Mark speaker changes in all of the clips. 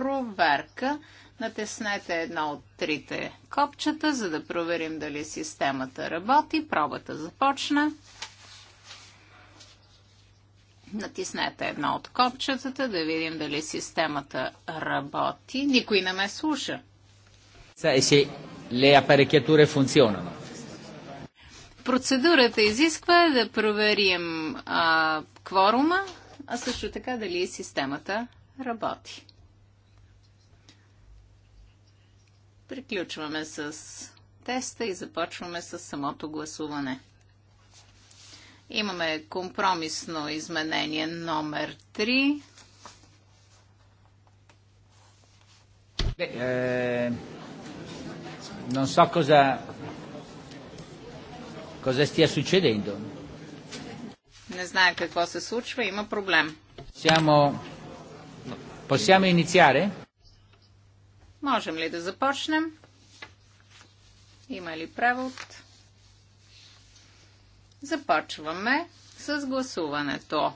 Speaker 1: проверка. Натеснете едно от трите копчета, за да проверим дали системата работи. Пробата започна. Натиснете едно от копчетата, да видим дали системата работи. Никой не ме слуша. E Процедурата изисква да проверим а, кворума, а също така дали системата работи. Приключваме с теста и започваме с самото гласуване. Имаме компромисно изменение номер 3. Eh, е, non so cosa, cosa stia succedendo. Не знае какво се случва, има проблем. Siamo... Possiamo iniziare? Можем ли да започнем? Има ли превод? Започваме с гласуването.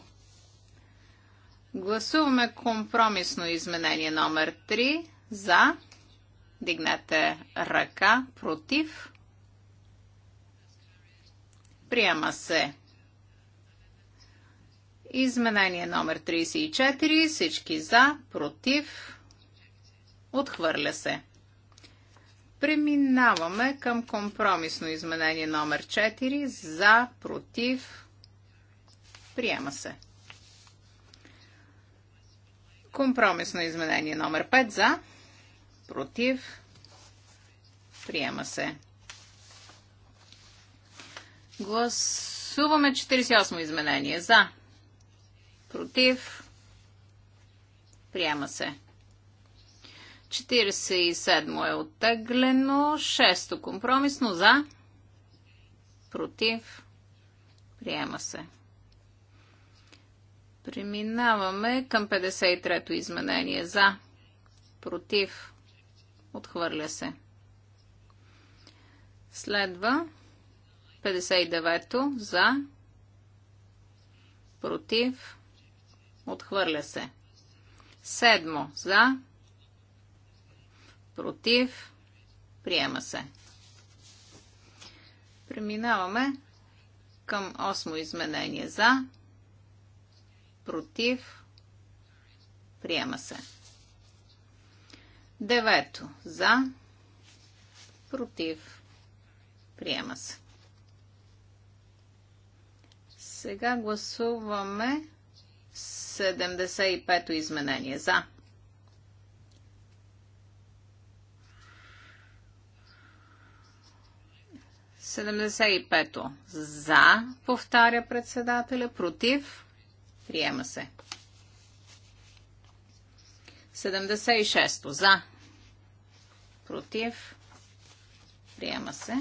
Speaker 1: Гласуваме компромисно изменение номер 3 за. Дигнете ръка против. Приема се. Изменение номер 34. Всички за, против. Отхвърля се. Преминаваме към компромисно изменение номер 4. За, против, приема се. Компромисно изменение номер 5. За, против, приема се. Гласуваме 48 изменение. За, против, приема се. 47 е оттеглено. 6 компромисно за. Против. Приема се. Преминаваме към 53-то изменение за. Против. Отхвърля се. Следва 59-то за. Против. Отхвърля се. Седмо за Против. Приема се. Преминаваме към осмо изменение за. Против. Приема се. Девето. За. Против. Приема се. Сега гласуваме 75-то изменение. За. 75-то. За, повтаря председателя. Против. Приема се. 76-то. За. Против. Приема се.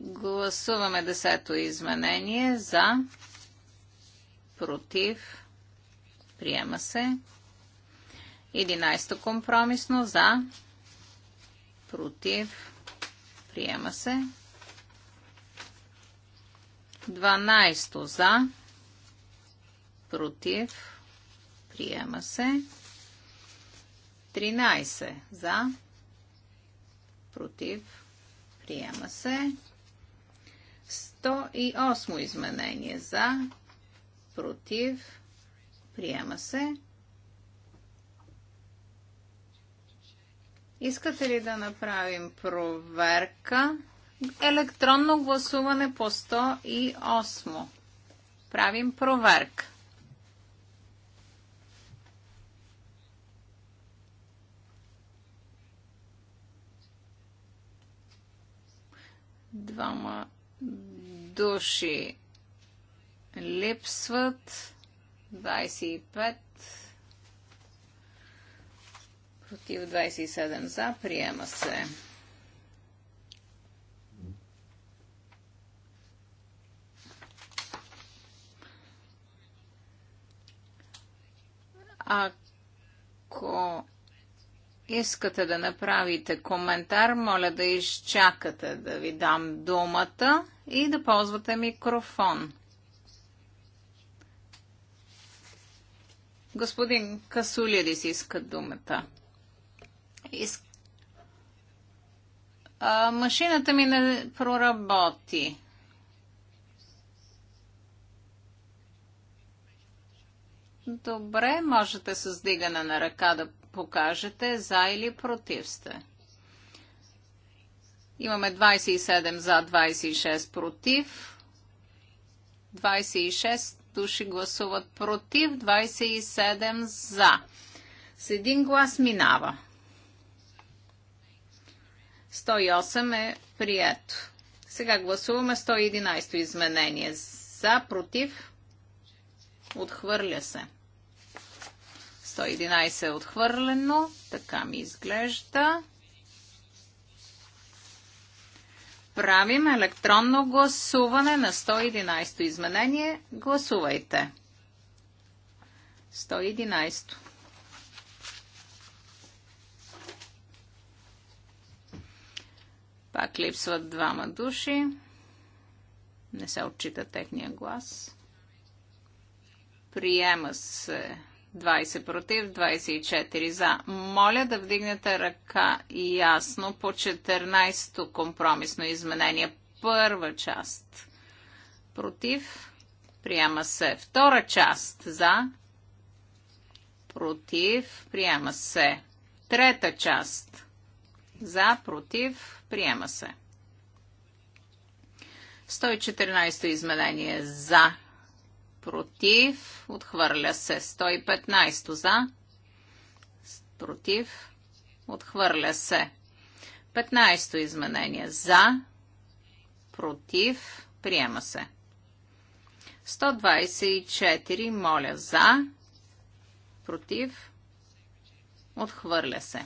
Speaker 1: Гласуваме 10-то изменение. За. Против. Приема се. 11-то компромисно. За. Против против, приема се. 12 за, против, приема се. 13 за, против, приема се. 108 изменение за, против, приема се. Искате ли да направим проверка? Електронно гласуване по 108. Правим проверка. Двама души липсват. 25 против 27 за, приема се. Ако искате да направите коментар, моля да изчакате да ви дам думата и да ползвате микрофон. Господин Касулидис иска думата. Из... А, машината ми не проработи. Добре, можете с дигане на ръка да покажете за или против сте. Имаме 27 за, 26 против. 26 души гласуват против, 27 за. С един глас минава. 108 е прието. Сега гласуваме 111 изменение. За, против, отхвърля се. 111 е отхвърлено. Така ми изглежда. Правим електронно гласуване на 111 то изменение. Гласувайте. 111. Пак липсват двама души. Не се отчита техния глас. Приема се 20 против, 24 за. Моля да вдигнете ръка ясно по 14-то компромисно изменение. Първа част. Против. Приема се. Втора част. За. Против. Приема се. Трета част. За, против, приема се. 114 изменение за, против, отхвърля се. 115 за, против, отхвърля се. 15 изменение за, против, приема се. 124, моля за, против, отхвърля се.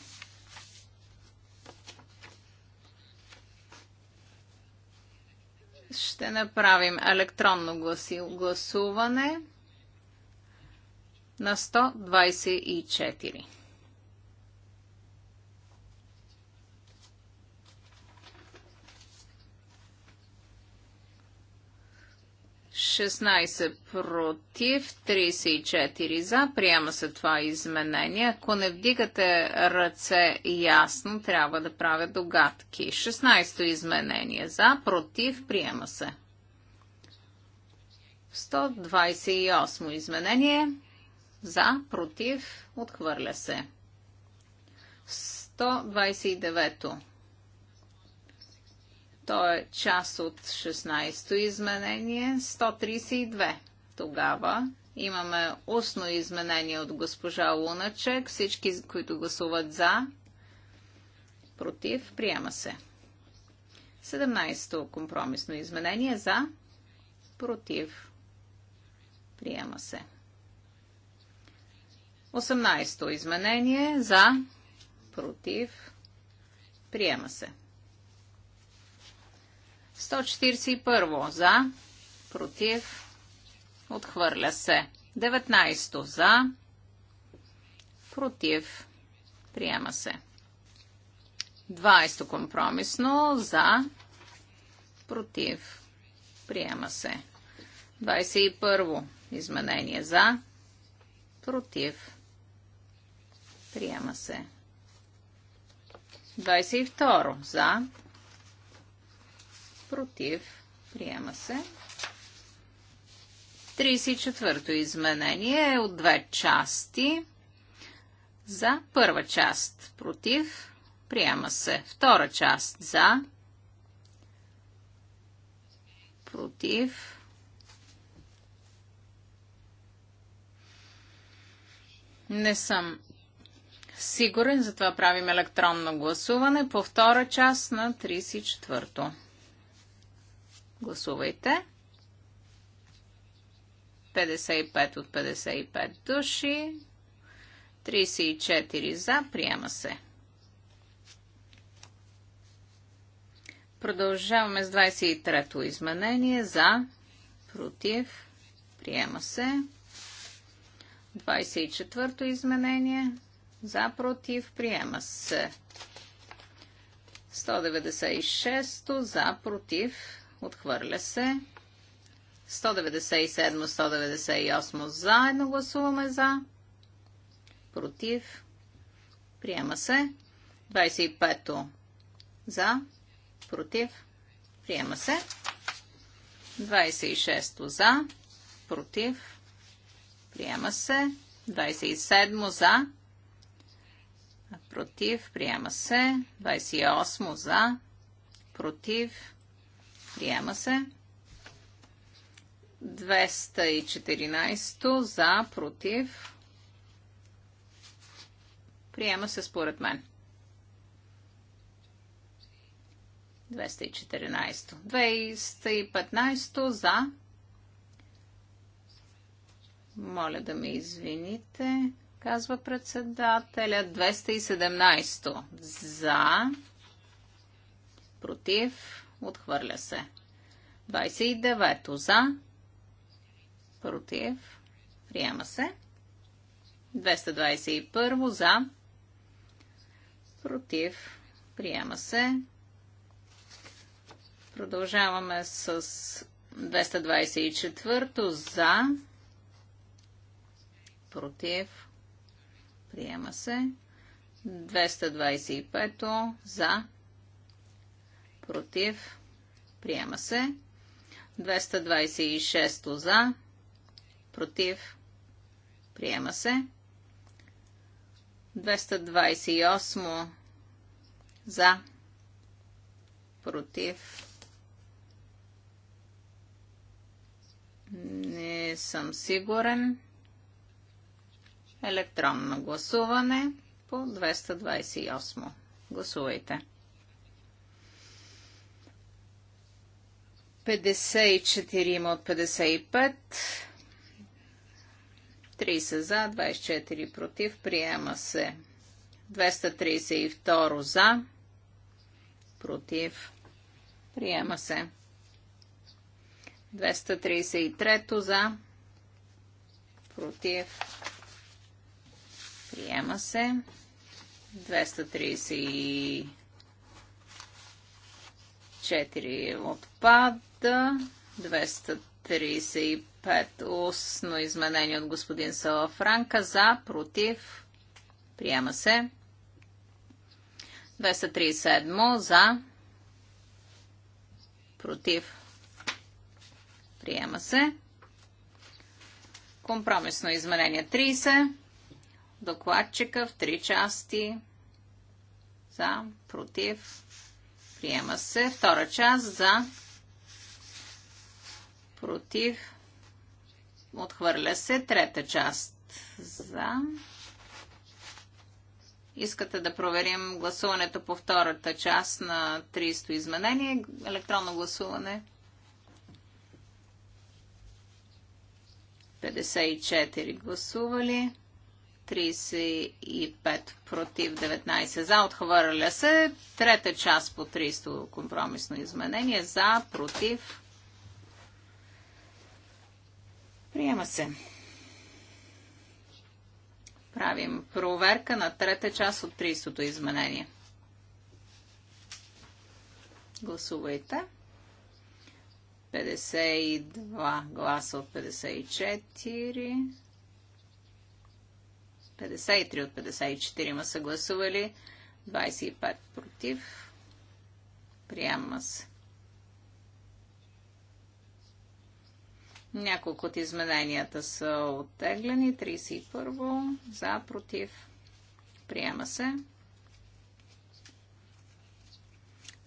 Speaker 1: Ще направим електронно гласуване на 124. 16 против, 34 за. Приема се това изменение. Ако не вдигате ръце ясно, трябва да правя догадки. 16 изменение за, против, приема се. 128 изменение за, против, отхвърля се. 129 то е част от 16-то изменение, 132. Тогава имаме устно изменение от госпожа Луначек. Всички, които гласуват за, против, приема се. 17-то компромисно изменение за, против, приема се. 18-то изменение за, против, приема се. 141 за, против, отхвърля се. 19 за, против, приема се. 20 компромисно за, против, приема се. 21 изменение за, против, приема се. 22 за, против, приема се. 34-то изменение е от две части. За първа част против, приема се. Втора част за, против, Не съм сигурен, затова правим електронно гласуване по втора част на 34-то. Гласувайте. 55 от 55 души. 34 за. Приема се. Продължаваме с 23-то изменение. За. Против. Приема се. 24-то изменение. За. Против. Приема се. 196-то. За. Против. Отхвърля се. 197-198 заедно гласуваме за. Против. Приема се. 25-то за. Против. Приема се. 26-то за. Против. Приема се. 27 за. Против. Приема се. 28 за. Против. Приема се. 214 за, против. Приема се според мен. 214. 215 за. Моля да ме извините, казва председателя. 217 за. Против. Отхвърля се. 29 за. Против. Приема се. 221 за. Против. Приема се. Продължаваме с 224 за. Против. Приема се. 225 за против, приема се. 226 за, против, приема се. 228 за, против. Не съм сигурен. Електронно гласуване по 228. Гласувайте. 54 от 55. 30 за, 24 против. Приема се. 232 за. Против. Приема се. 233 за. Против. Приема се. 234 отпад. 235 устно изменение от господин Салафранка за, против, приема се. 237 за, против, приема се. Компромисно изменение 30. Докладчика в три части. За, против, приема се. Втора част за, против, отхвърля се. Трета част за. Искате да проверим гласуването по втората част на 300 изменение. Електронно гласуване. 54 гласували. 35 против 19 за. Отхвърля се. Трета част по 300 компромисно изменение. За, против. Приема се. Правим проверка на трета част от 30-то изменение. Гласувайте. 52 гласа от 54. 53 от 54 ма са гласували. 25 против. Приема се. Няколко от измененията са оттеглени. 31 за, против, приема се.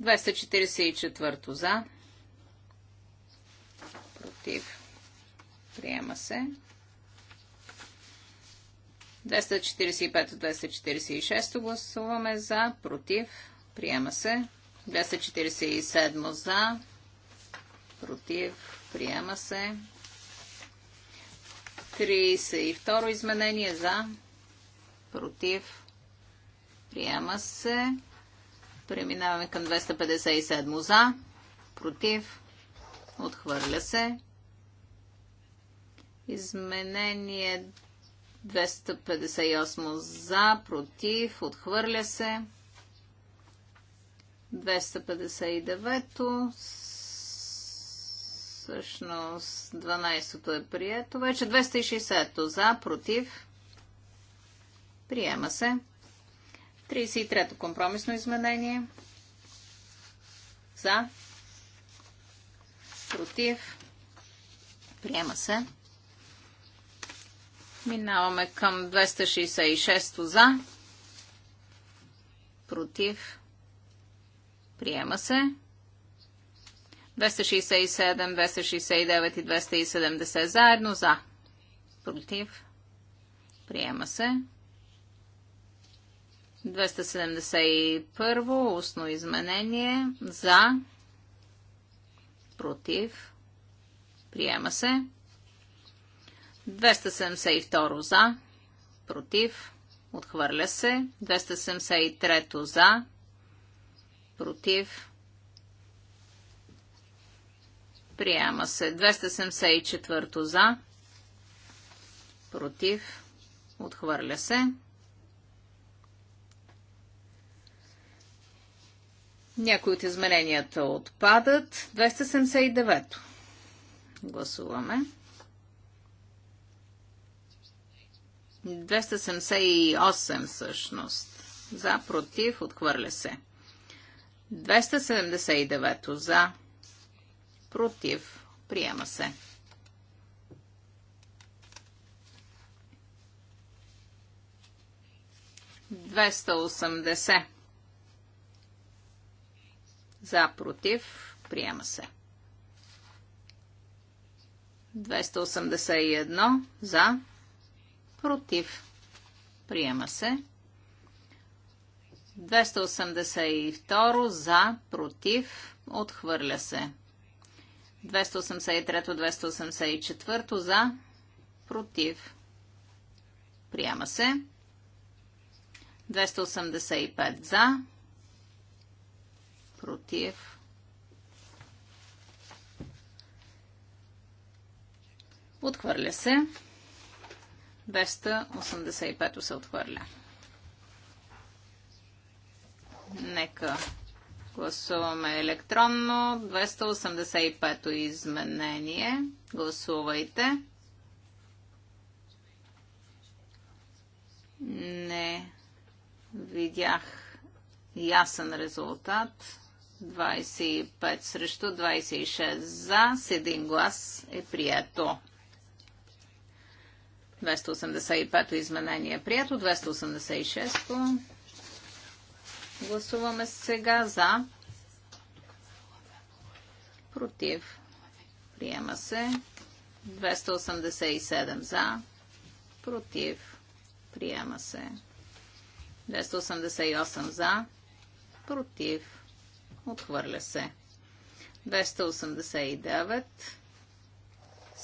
Speaker 1: 244 за, против, приема се. 245-246 гласуваме за, против, приема се. 247 за, против, приема се. 32 изменение за, против, приема се. Преминаваме към 257 за, против, отхвърля се. Изменение 258 за, против, отхвърля се. 259 Всъщност 12-то е прието. Вече 260-то за, против. Приема се. 33-то компромисно изменение. За. Против. Приема се. Минаваме към 266-то за. Против. Приема се. 267, 269 и 270 заедно за. Против. Приема се. 271 устно изменение за. Против. Приема се. 272 за. Против. Отхвърля се. 273 за. Против. Приема се. 274 за. Против. Отхвърля се. Някои от измененията отпадат. 279. Гласуваме. 278 всъщност. За, против, отхвърля се. 279 за, Против. Приема се. Двеста осъмдесет. За, против, приема се. 281 за, против, приема се. 282 за, против, отхвърля се. 283-284 за, против, приема се. 285 за, против. Отхвърля се. 285 се отхвърля. Нека Гласуваме електронно 285-то изменение. Гласувайте. Не видях ясен резултат. 25 срещу 26 за, с един глас е прието. 285-то изменение е прието, 286-то Гласуваме сега за. Против. Приема се. 287 за. Против. Приема се. 288 за. Против. Отхвърля се. 289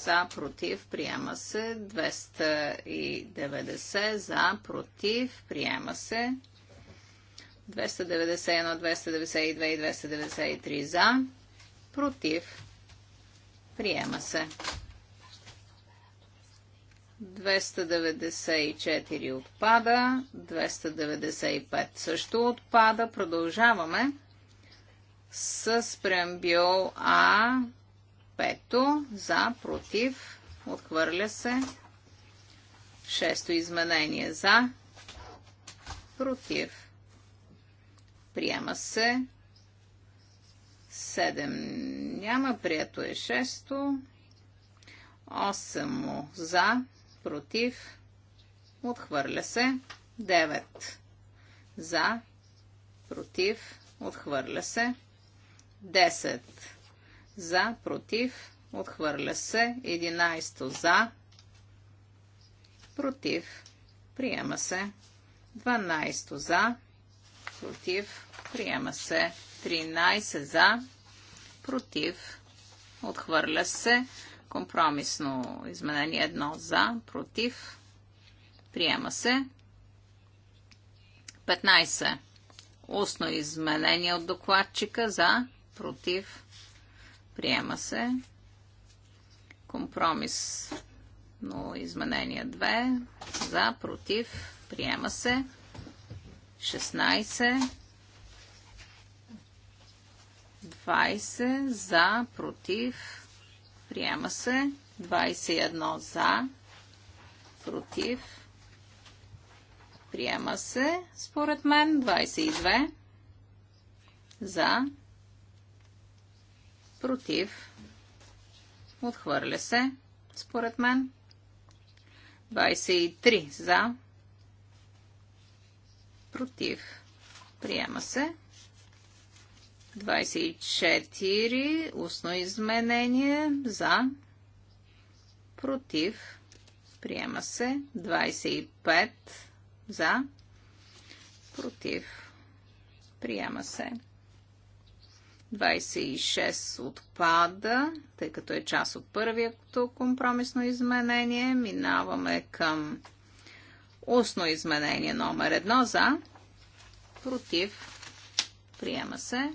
Speaker 1: за, против, приема се. 290 за, против, приема се. 291, 292 и 293 за. Против. Приема се. 294 отпада. 295 също отпада. Продължаваме с преамбиол А. Пето. За. Против. Отхвърля се. Шесто изменение за. Против. Приема се. 7 няма. Прието е 6. 8 за. Против. Отхвърля се. 9 за. Против. Отхвърля се. 10 за. Против. Отхвърля се. 11 за. Против. Приема се. 12 за против, приема се 13 за, против, отхвърля се, компромисно изменение 1 за, против, приема се 15. Устно изменение от докладчика за, против, приема се компромис но изменение 2 за, против, приема се 16, 20 за, против, приема се, 21 за, против, приема се, според мен, 22 за, против, отхвърля се, според мен, 23 за, против, против, приема се. 24 устно изменение за против приема се 25 за против приема се 26 отпада, тъй като е част от първият компромисно изменение. Минаваме към Устно изменение номер едно за, против, приема се.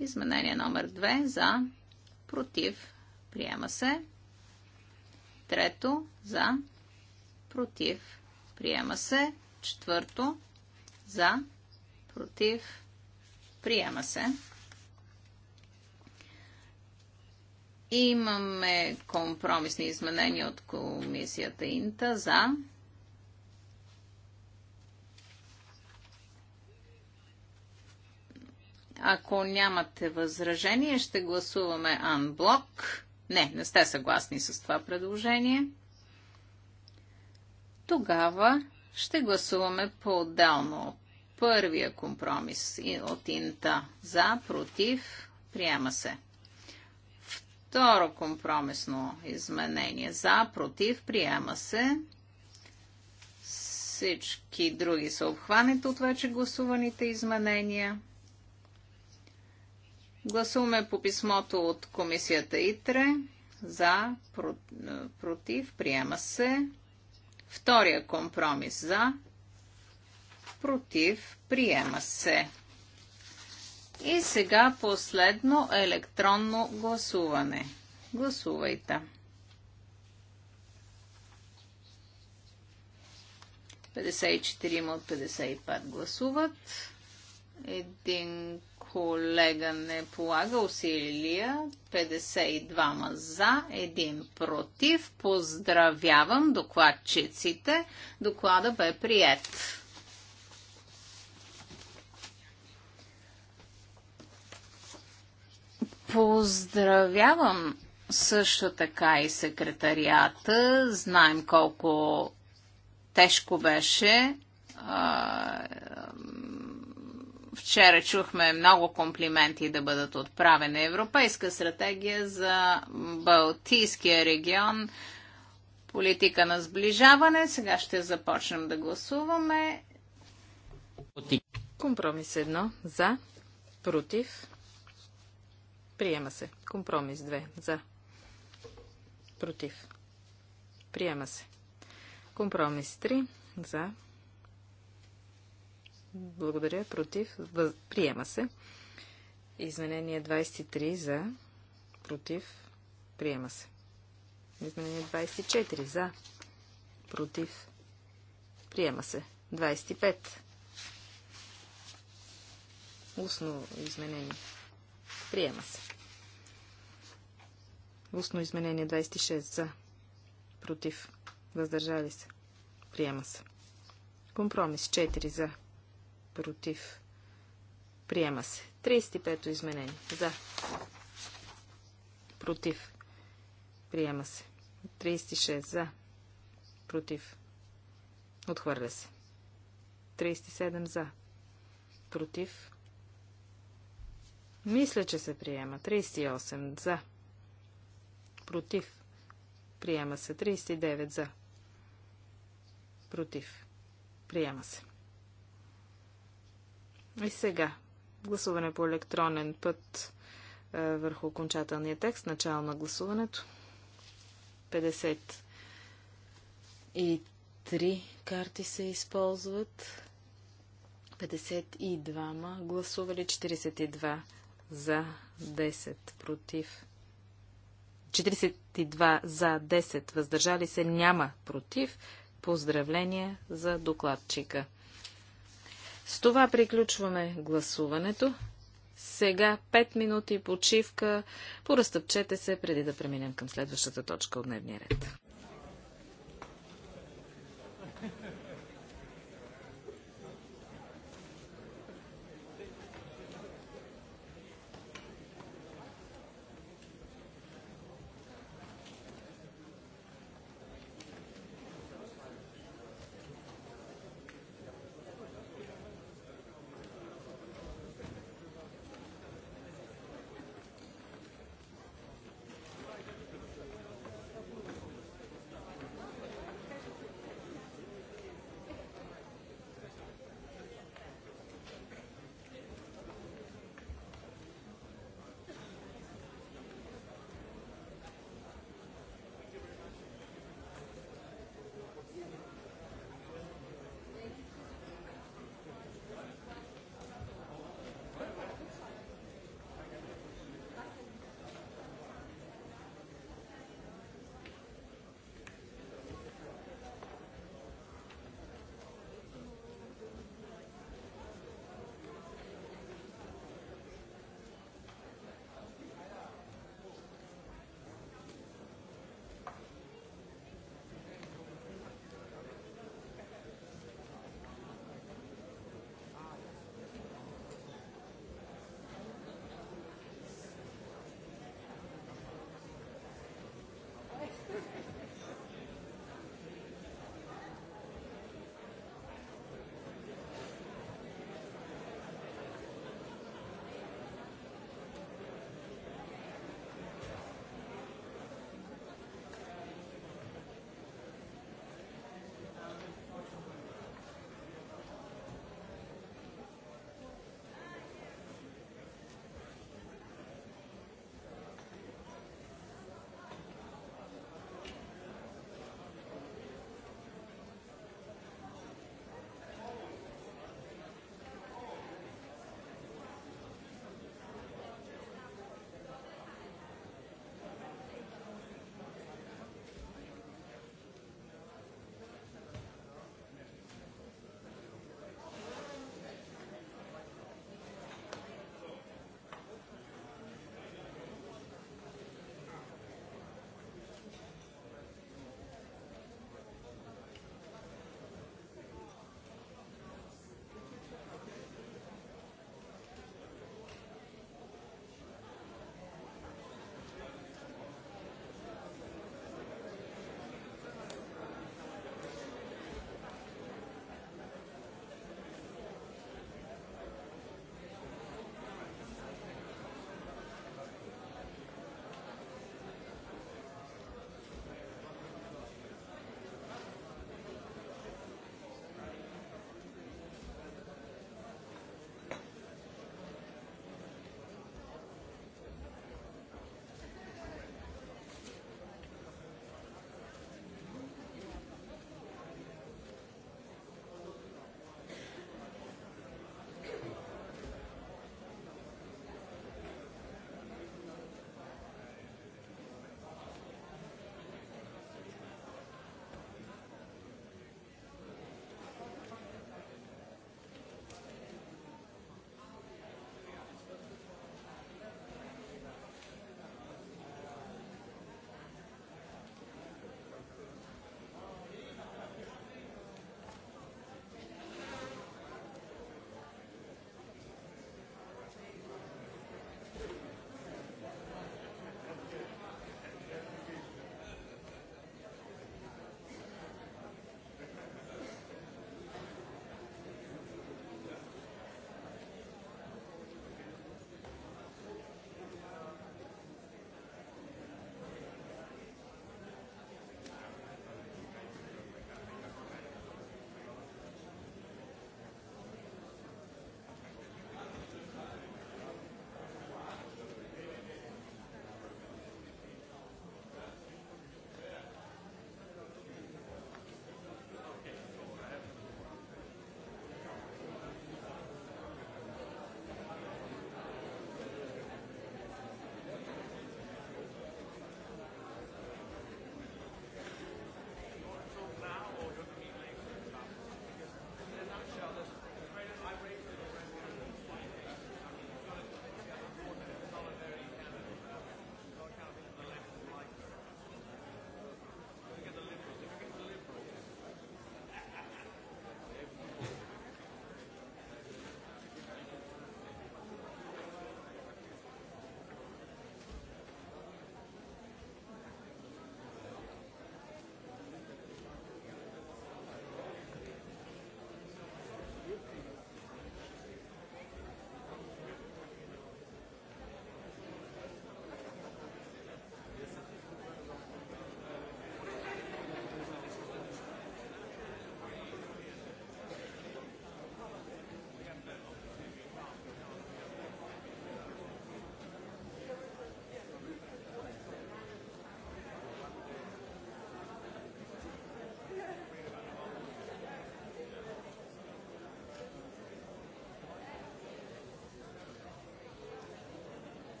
Speaker 1: Изменение номер 2 за, против, приема се. Трето за, против, приема се. Четвърто за, против, приема се. Имаме компромисни изменения от комисията Инта за. Ако нямате възражение, ще гласуваме анблок. Не, не сте съгласни с това предложение. Тогава ще гласуваме по-отделно първия компромис от Инта за, против, приема се. Второ компромисно изменение за, против, приема се. Всички други са обхванати от вече гласуваните изменения. Гласуваме по писмото от комисията ИТРЕ. За, против, приема се. Втория компромис за, против, приема се. И сега последно електронно гласуване. Гласувайте. 54 от 55 гласуват. Един колега не полага усилия. 52 за, един против. Поздравявам докладчиците. Доклада бе прият. Поздравявам също така и секретарията. Знаем колко тежко беше. Вчера чухме много комплименти да бъдат отправени. Европейска стратегия за Балтийския регион, политика на сближаване. Сега ще започнем да гласуваме. Компромис едно за, против,
Speaker 2: Приема се. Компромис 2. За. Против. Приема се. Компромис 3. За. Благодаря. Против. Въз... Приема се. Изменение 23. За. Против. Приема се. Изменение 24. За. Против. Приема се. 25. Устно изменение. Приема се. Устно изменение 26 за. Против. Въздържали се. Приема се. Компромис 4 за. Против. Приема се. 35-то изменение. За. Против. Приема се. 36 за. Против. Отхвърля се. 37 за. Против. Мисля, че се приема. 38 за. Против. Приема се. 39 за. Против. Приема се. И сега. Гласуване по електронен път е, върху окончателния текст. Начало на гласуването. 50 и 3 карти се използват. 52 гласували, 42 за 10 против. 42 за 10 въздържали се няма против. Поздравления за докладчика. С това приключваме гласуването. Сега 5 минути почивка. Поразтъпчете се преди да преминем към следващата точка от дневния ред.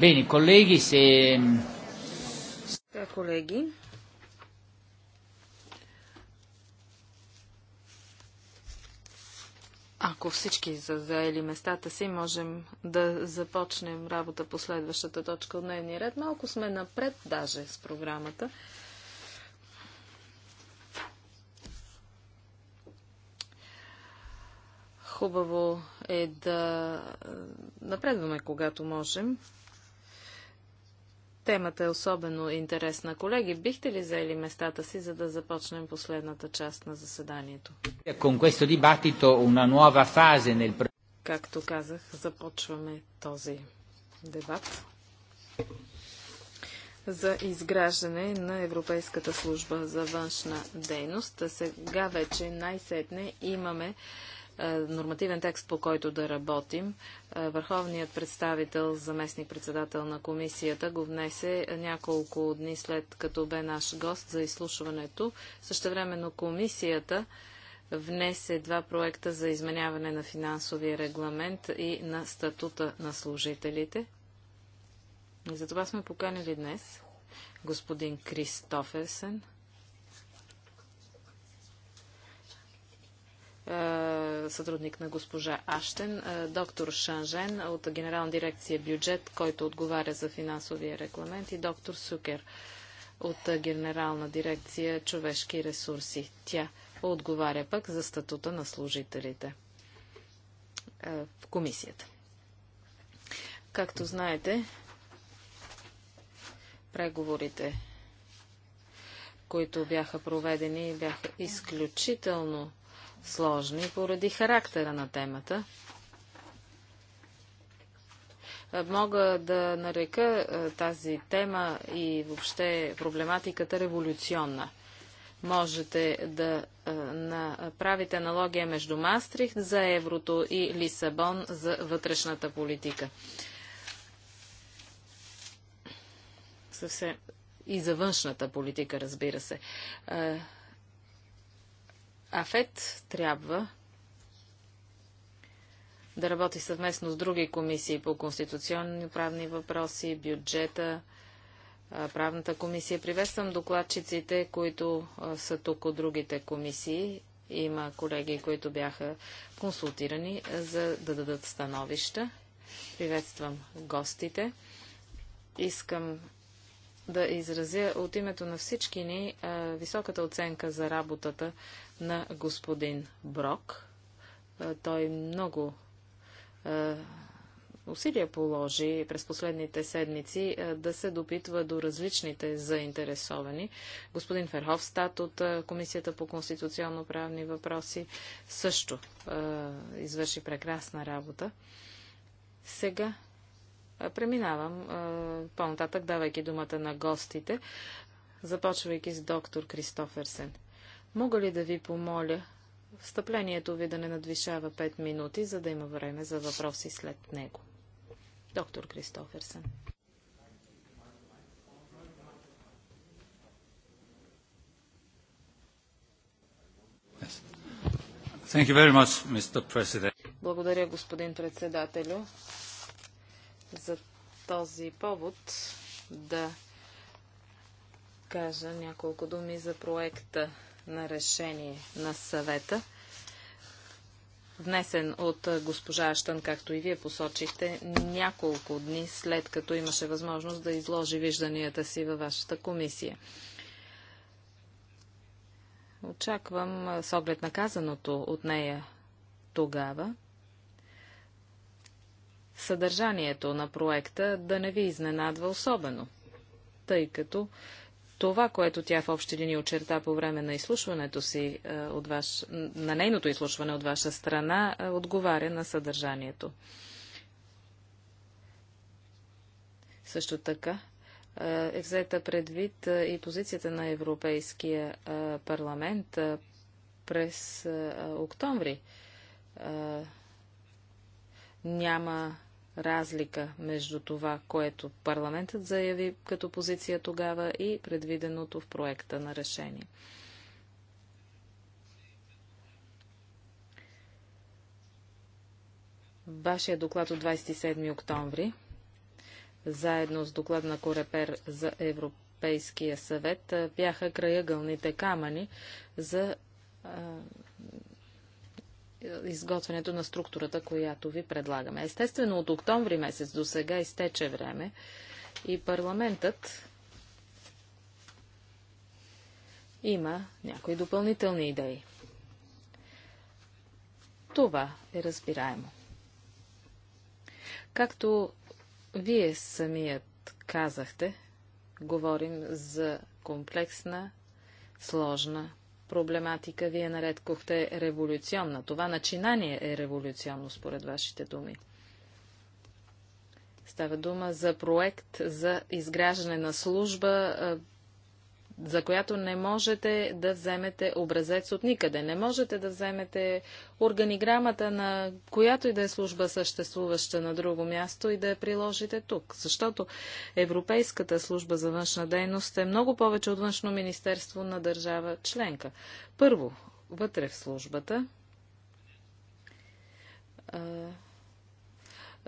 Speaker 1: Bene, колеги, se...
Speaker 2: Colleghi. Ако всички са заели местата си, можем да започнем работа по следващата точка от дневния ред. Малко сме напред даже с програмата. Хубаво е да напредваме, когато можем. Темата е особено интересна. Колеги, бихте ли заели местата си, за да започнем последната част на заседанието? Както казах, започваме този дебат за изграждане на Европейската служба за външна дейност. Сега вече най-сетне имаме е, нормативен текст, по който да работим. Е, Върховният представител, заместник-председател на комисията, го внесе няколко дни след като бе наш гост за изслушването. Същевременно комисията внесе два проекта за изменяване на финансовия регламент и на статута на служителите. И затова сме поканили днес господин Кристоферсен – Е, сътрудник на госпожа Аштен, е, доктор Шанжен от Генерална дирекция бюджет, който отговаря за финансовия регламент и доктор Сукер от Генерална дирекция човешки ресурси. Тя отговаря пък за статута на служителите е, в комисията. Както знаете, преговорите, които бяха проведени, бяха изключително сложни поради характера на темата. Е, мога да нарека е, тази тема и въобще проблематиката революционна можете да е, направите аналогия между Мастрихт за еврото и Лисабон за вътрешната политика. Съвсем и за външната политика, разбира се. АФЕТ трябва да работи съвместно с други комисии по конституционни правни въпроси, бюджета, правната комисия. Приветствам докладчиците, които са тук от другите комисии. Има колеги, които бяха консултирани за да дадат становища. Приветствам гостите. Искам да изразя от името на всички ни високата оценка за работата на господин Брок. Е, той много е, усилия положи през последните седмици е, да се допитва до различните заинтересовани. Господин Ферховстат от Комисията по конституционно-правни въпроси също извърши прекрасна работа. Сега преминавам по-нататък, давайки думата на гостите, започвайки с доктор Кристоферсен. Мога ли да ви помоля встъплението ви да не надвишава 5 минути, за да има време за въпроси след него? Доктор Кристоферсен.
Speaker 1: Much,
Speaker 2: Благодаря, господин председателю, за този повод да кажа няколко думи за проекта на решение на съвета, внесен от госпожа Аштън, както и вие посочихте, няколко дни след като имаше възможност да изложи вижданията си във вашата комисия. Очаквам с оглед наказаното от нея тогава съдържанието на проекта да не ви изненадва особено, тъй като това, което тя в общи линии очерта по време на изслушването си е, от ваш, на нейното изслушване от ваша страна, е, отговаря на съдържанието. Също така е, е взета предвид и позицията на Европейския парламент през октомври. Няма разлика между това, което парламентът заяви като позиция тогава и предвиденото в проекта на решение. Вашия доклад от 27 октомври, заедно с доклад на Корепер за Европейския съвет, бяха краягълните камъни за изготвянето на структурата, която ви предлагаме. Естествено, от октомври месец до сега изтече време и парламентът има някои допълнителни идеи. Това е разбираемо. Както вие самият казахте, говорим за комплексна, сложна проблематика вие наредкохте революционна. Това начинание е революционно, според вашите думи. Става дума за проект за изграждане на служба за която не можете да вземете образец от никъде. Не можете да вземете органиграмата на която и да е служба съществуваща на друго място и да я приложите тук. Защото Европейската служба за външна дейност е много повече от външно министерство на държава членка. Първо, вътре в службата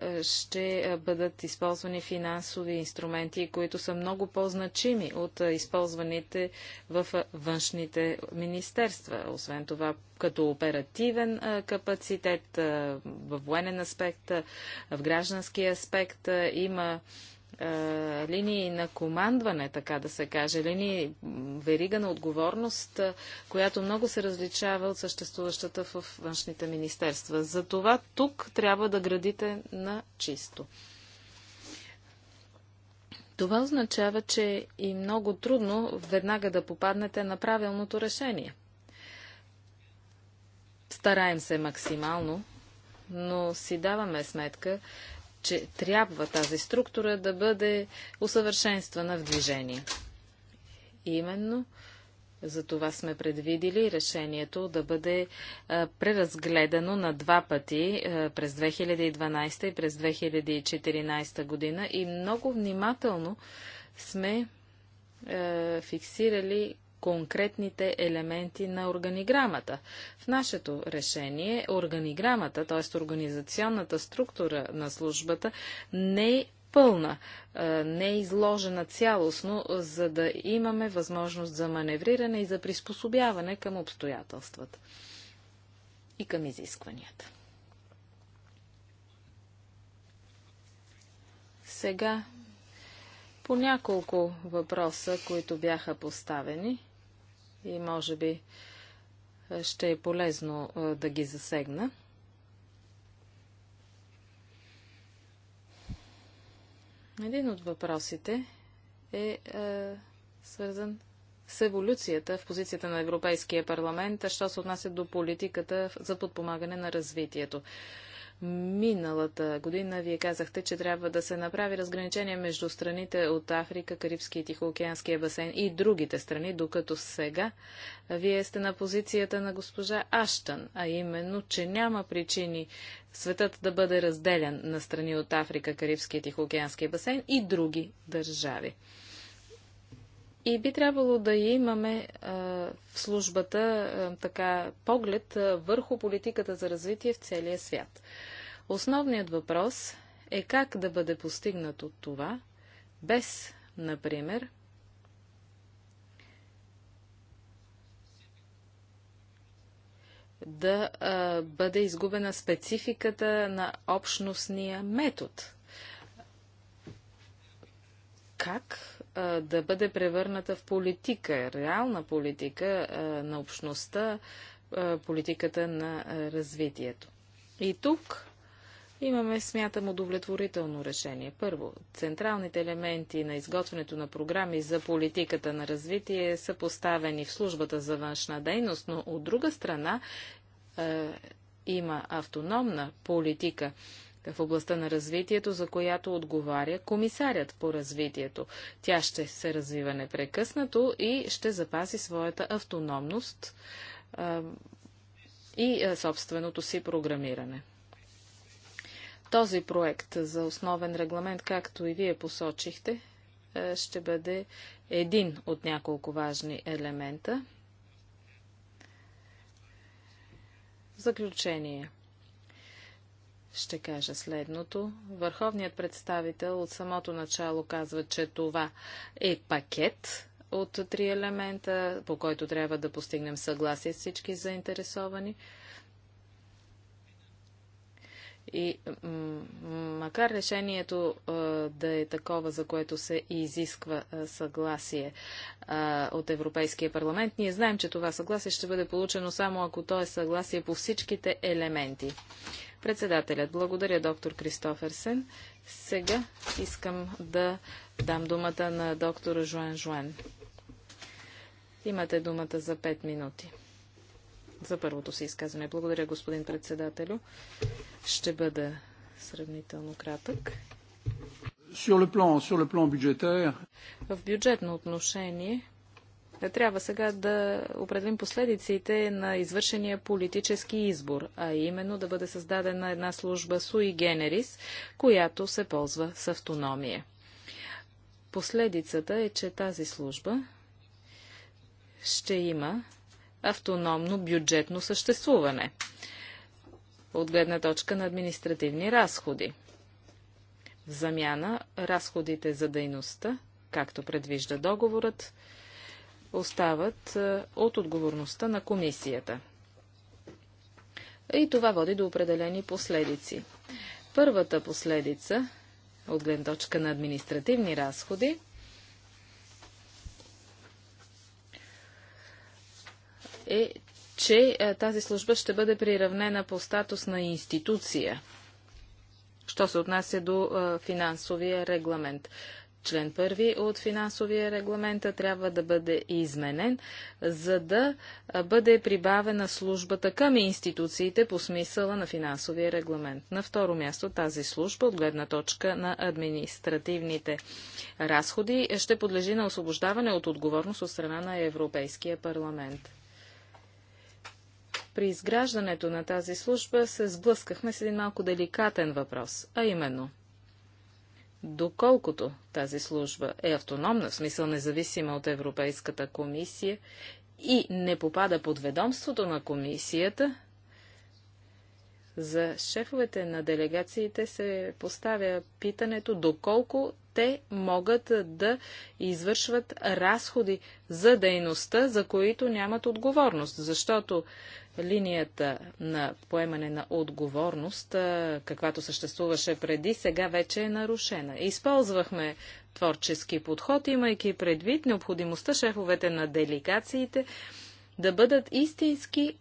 Speaker 2: е, ще е, бъдат използвани финансови инструменти, които са много по-значими от е, използваните в външните министерства. Освен това, като оперативен капацитет, в военен аспект, в граждански аспект има е, линии на командване, така да се каже, линии, верига на отговорност, е, която много се различава от съществуващата в външните министерства. Затова тук трябва да градите на чисто. Това означава, че е и много трудно веднага да попаднете на правилното решение. Стараем се максимално, но си даваме сметка, че трябва тази структура да бъде усъвършенствана в движение. Именно за това сме предвидили решението да бъде преразгледано на два пъти през 2012 и през 2014 година и много внимателно сме фиксирали конкретните елементи на органиграмата. В нашето решение органиграмата, т.е. организационната структура на службата, не е пълна, не е изложена цялостно, за да имаме възможност за маневриране и за приспособяване към обстоятелствата и към изискванията. Сега по няколко въпроса, които бяха поставени и може би е, ще е полезно е, да ги засегна. Един от въпросите е, е свързан с еволюцията в позицията на Европейския парламент, що се отнася до политиката за подпомагане на развитието. Миналата година вие казахте, че трябва да се направи разграничение между страните от Африка, Карибския и Тихоокеанския басейн и другите страни, докато сега вие сте на позицията на госпожа Аштън, а именно, че няма причини светът да бъде разделен на страни от Африка, Карибския и Тихоокеанския басейн и други държави. И би трябвало да имаме в службата така поглед върху политиката за развитие в целия свят. Основният въпрос е как да бъде постигнато това, без, например, да а, бъде изгубена спецификата на общностния метод – как а, да бъде превърната в политика, реална политика а, на общността, а, политиката на развитието. И тук имаме, смятам, удовлетворително решение. Първо, централните елементи на изготвянето на програми за политиката на развитие са поставени в службата за външна дейност, но от друга страна има автономна политика в областта на развитието, за която отговаря комисарят по развитието. Тя ще се развива непрекъснато и ще запази своята автономност а, и а, собственото си програмиране. Този проект за основен регламент, както и вие посочихте, ще бъде един от няколко важни елемента. В заключение – ще кажа следното. Върховният представител от самото начало казва, че това е пакет от три елемента, по който трябва да постигнем съгласие с всички заинтересовани. И макар решението а, да е такова, за което се изисква а, съгласие а, от Европейския парламент, ние знаем, че това съгласие ще бъде получено само ако то е съгласие по всичките елементи. Председателят, благодаря доктор Кристоферсен. Сега искам да дам думата на доктор Жуан Жуан. Имате думата за 5 минути. За първото си изказване. Благодаря, господин председателю. Ще бъда сравнително кратък.
Speaker 1: Sur le plan, sur le plan budgétaire...
Speaker 2: В бюджетно отношение трябва сега да определим последиците на извършения политически избор, а именно да бъде създадена една служба Sui Generis, която се ползва с автономия. Последицата е, че тази служба ще има автономно бюджетно съществуване от гледна точка на административни разходи. В замяна разходите за дейността, както предвижда договорът, остават е, от отговорността на комисията. И това води до определени последици. Първата последица от гледна точка на административни разходи е, че е, тази служба ще бъде приравнена по статус на институция, що се отнася до е, финансовия регламент член първи от финансовия регламент трябва да бъде изменен, за да бъде прибавена службата към институциите по смисъла на финансовия регламент. На второ място тази служба от гледна точка на административните разходи ще подлежи на освобождаване от отговорност от страна на Европейския парламент. При изграждането на тази служба се сблъскахме с един малко деликатен въпрос, а именно – доколкото тази служба е автономна, в смисъл независима от Европейската комисия и не попада под ведомството на комисията, за шефовете на делегациите се поставя питането доколко те могат да извършват разходи за дейността, за които нямат отговорност, защото линията на поемане на отговорност, каквато съществуваше преди, сега вече е нарушена. Използвахме творчески подход, имайки предвид необходимостта шефовете на делегациите да бъдат истински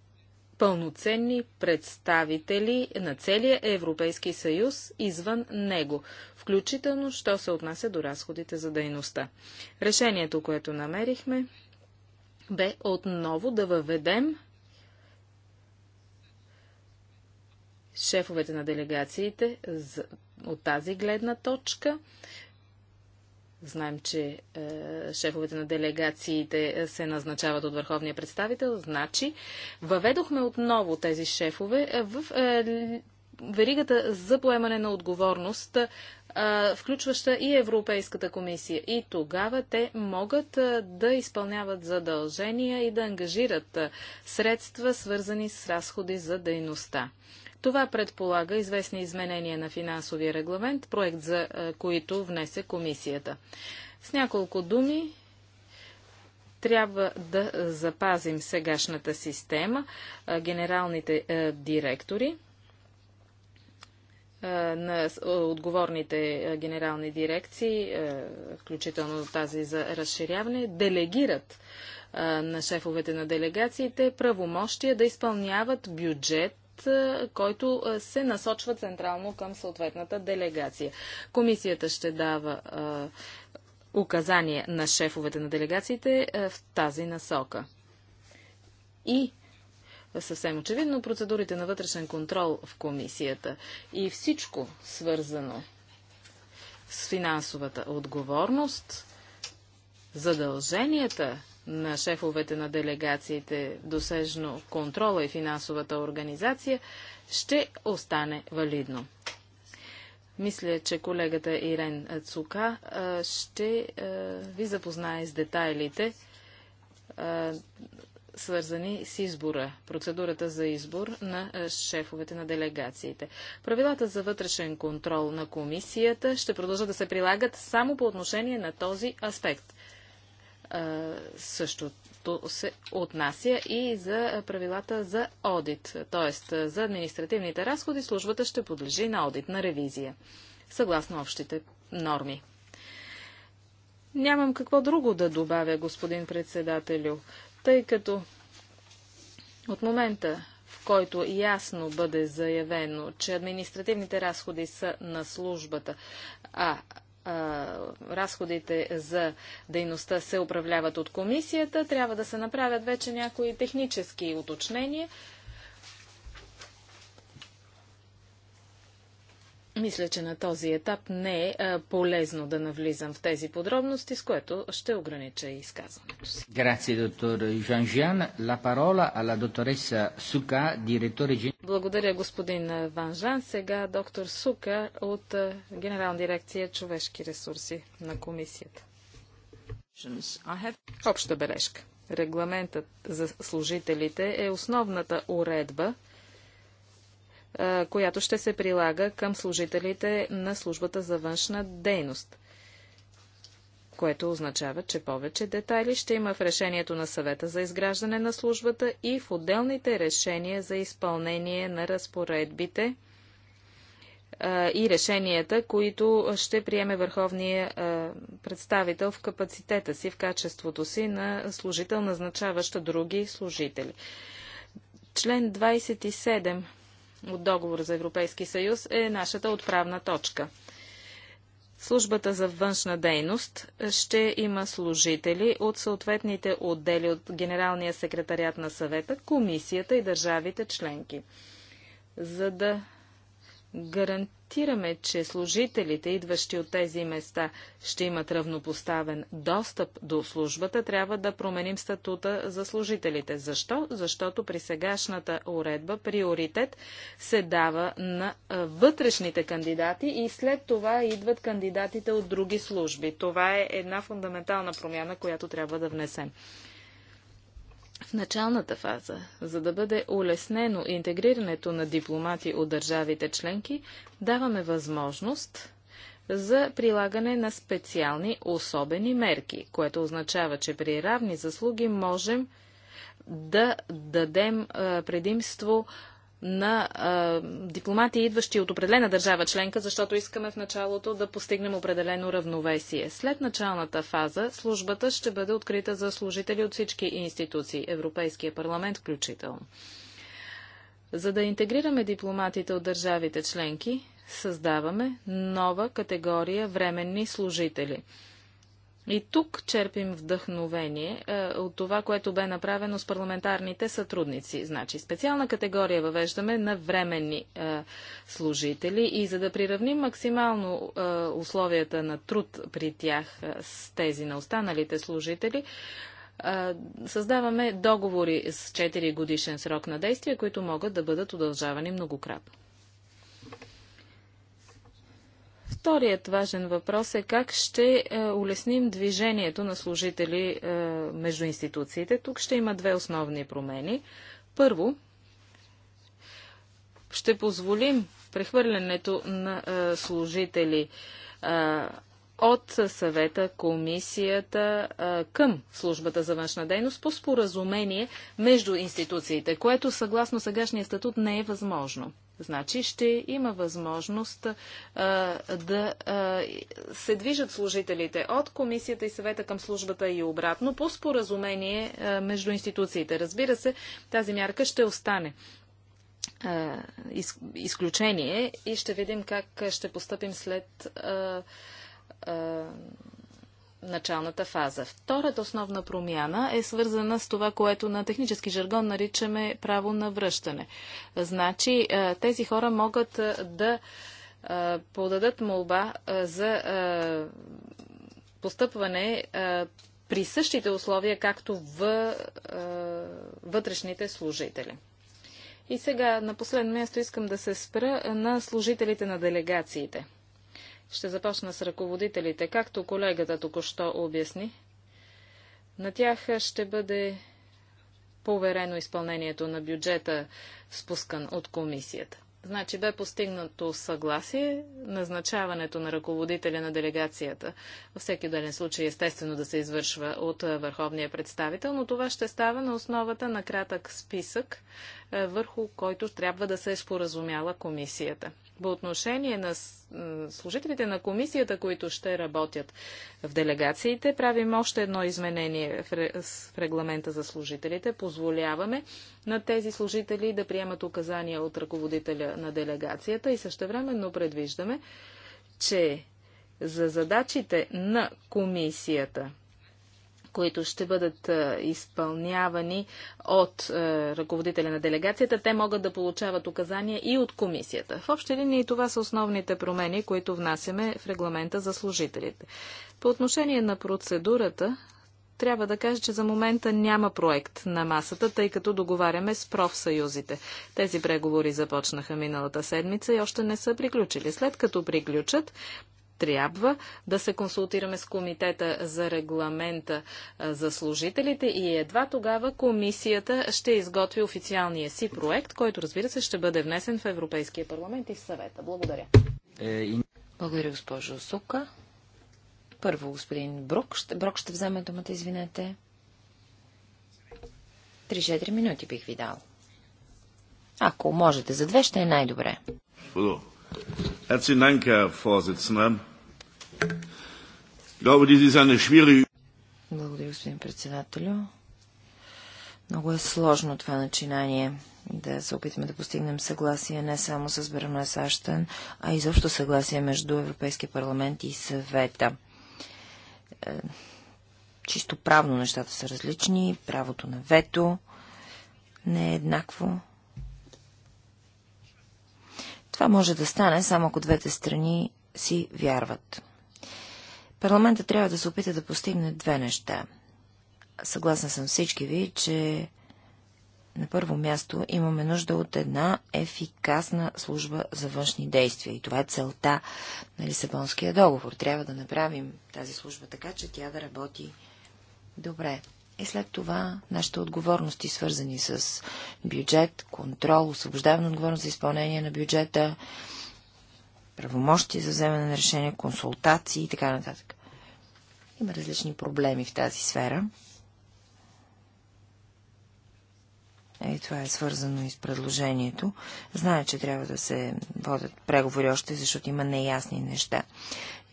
Speaker 2: пълноценни представители на целия Европейски съюз извън него, включително, що се отнася до разходите за дейността. Решението, което намерихме, бе отново да въведем шефовете на делегациите от тази гледна точка Знаем, че е, шефовете на делегациите се назначават от върховния представител. Значи, въведохме отново тези шефове в е, веригата за поемане на отговорност включваща и Европейската комисия. И тогава те могат да изпълняват задължения и да ангажират средства, свързани с разходи за дейността. Това предполага известни изменения на финансовия регламент, проект за които внесе комисията. С няколко думи трябва да запазим сегашната система. Генералните директори е, на е, отговорните е, генерални дирекции, включително тази за разширяване, делегират на шефовете на делегациите правомощия да изпълняват бюджет който се насочва централно към съответната делегация. Комисията ще дава указания на шефовете на делегациите в тази насока. И съвсем очевидно процедурите на вътрешен контрол в комисията и всичко свързано с финансовата отговорност, задълженията на шефовете на делегациите, досежно контрола и финансовата организация, ще остане валидно. Мисля, че колегата Ирен Цука ще ви запознае с детайлите свързани с избора, процедурата за избор на е, шефовете на делегациите. Правилата за вътрешен контрол на комисията ще продължат да се прилагат само по отношение на този аспект. Е, същото се отнася и за правилата за одит, т.е. за административните разходи службата ще подлежи на одит, на ревизия, съгласно общите норми. Нямам какво друго да добавя, господин председателю. Тъй като от момента, в който ясно бъде заявено, че административните разходи са на службата, а разходите за дейността се управляват от комисията, трябва да се направят вече някои технически уточнения, Мисля, че на този етап не е полезно да навлизам в тези подробности, с което ще огранича изказването си. Грация, доктор Жан. Ла парола ала доктореса
Speaker 1: Сука, директоре...
Speaker 2: Благодаря, господин Ванжан. Сега доктор Сука от Генерална дирекция човешки ресурси на комисията. Обща бележка. Регламентът за служителите е основната уредба, която ще се прилага към служителите на службата за външна дейност което означава, че повече детайли ще има в решението на съвета за изграждане на службата и в отделните решения за изпълнение на разпоредбите и решенията, които ще приеме върховния представител в капацитета си, в качеството си на служител, назначаваща други служители. Член 27 от договор за Европейски съюз е нашата отправна точка. Службата за външна дейност ще има служители от съответните отдели от Генералния секретарят на съвета, комисията и държавите членки. За да гарантираме, че служителите, идващи от тези места, ще имат равнопоставен достъп до службата, трябва да променим статута за служителите. Защо? Защото при сегашната уредба приоритет се дава на вътрешните кандидати и след това идват кандидатите от други служби. Това е една фундаментална промяна, която трябва да внесем в началната фаза, за да бъде улеснено интегрирането на дипломати от държавите членки, даваме възможност за прилагане на специални особени мерки, което означава, че при равни заслуги можем да дадем предимство на а, дипломати, идващи от определена държава членка, защото искаме в началото да постигнем определено равновесие. След началната фаза службата ще бъде открита за служители от всички институции, Европейския парламент включително. За да интегрираме дипломатите от държавите членки, създаваме нова категория временни служители – и тук черпим вдъхновение е, от това, което бе направено с парламентарните сътрудници. Значи, специална категория въвеждаме на временни е, служители и за да приравним максимално е, условията на труд при тях е, с тези на останалите служители, е, създаваме договори с 4 годишен срок на действие, които могат да бъдат удължавани многократно. Вторият важен въпрос е как ще е, улесним движението на служители е, между институциите. Тук ще има две основни промени. Първо, ще позволим прехвърлянето на е, служители от съвета, комисията към службата за външна дейност по споразумение между институциите, което съгласно сегашния статут не е възможно. Значи ще има възможност а, да а, се движат служителите от комисията и съвета към службата и обратно по споразумение а, между институциите. Разбира се, тази мярка ще остане из, изключение и ще видим как ще поступим след началната фаза. Втората основна промяна е свързана с това, което на технически жаргон наричаме право на връщане. Значи е, тези хора могат е, да е, подадат молба за постъпване при същите условия, както в вътрешните служители. И сега на последно място искам да се спра на служителите на делегациите. Ще започна с ръководителите. Както колегата току-що обясни, на тях ще бъде поверено изпълнението на бюджета, спускан от комисията. Значи бе постигнато съгласие назначаването на ръководителя на делегацията. Във всеки отделен случай естествено да се извършва от върховния представител, но това ще става на основата на кратък списък, върху който трябва да се е споразумяла комисията. По отношение на служителите на комисията, които ще работят в делегациите, правим още едно изменение в регламента за служителите. Позволяваме на тези служители да приемат указания от ръководителя на делегацията и същевременно предвиждаме, че за задачите на комисията, които ще бъдат е, изпълнявани от е, ръководителя на делегацията, те могат да получават указания и от комисията. В общи линии това са основните промени, които внасяме в регламента за служителите. По отношение на процедурата трябва да кажа, че за момента няма проект на масата, тъй като договаряме с профсъюзите. Тези преговори започнаха миналата седмица и още не са приключили. След като приключат, трябва да се консултираме с комитета за регламента за служителите и едва тогава комисията ще изготви официалния си проект, който разбира се ще бъде внесен в Европейския парламент и в съвета. Благодаря.
Speaker 3: Е, Благодаря, госпожо Сука. Първо, господин Брок ще, Брок ще вземе думата, извинете. три четири минути бих ви дал. Ако можете за две, ще е най-добре. Благодаря, господин председателю. Много е сложно това начинание да се опитаме да постигнем съгласие не само с Бернес Аштън, а изобщо съгласие между Европейския парламент и съвета. Е, чисто правно нещата са различни, правото на вето не е еднакво. Това може да стане само ако двете страни си вярват. Парламента трябва да се опита да постигне две неща. Съгласна съм всички ви, че на първо място имаме нужда от една ефикасна служба за външни действия. И това е целта на Лисабонския договор. Трябва да направим тази служба така, че тя да работи добре. И след това нашите отговорности, свързани с бюджет, контрол, освобождаване отговорност за изпълнение на бюджета, правомощи за вземане на решения, консултации и така нататък. Има различни проблеми в тази сфера. Е, и това е свързано и с предложението. Знае, че трябва да се водят преговори още, защото има неясни неща.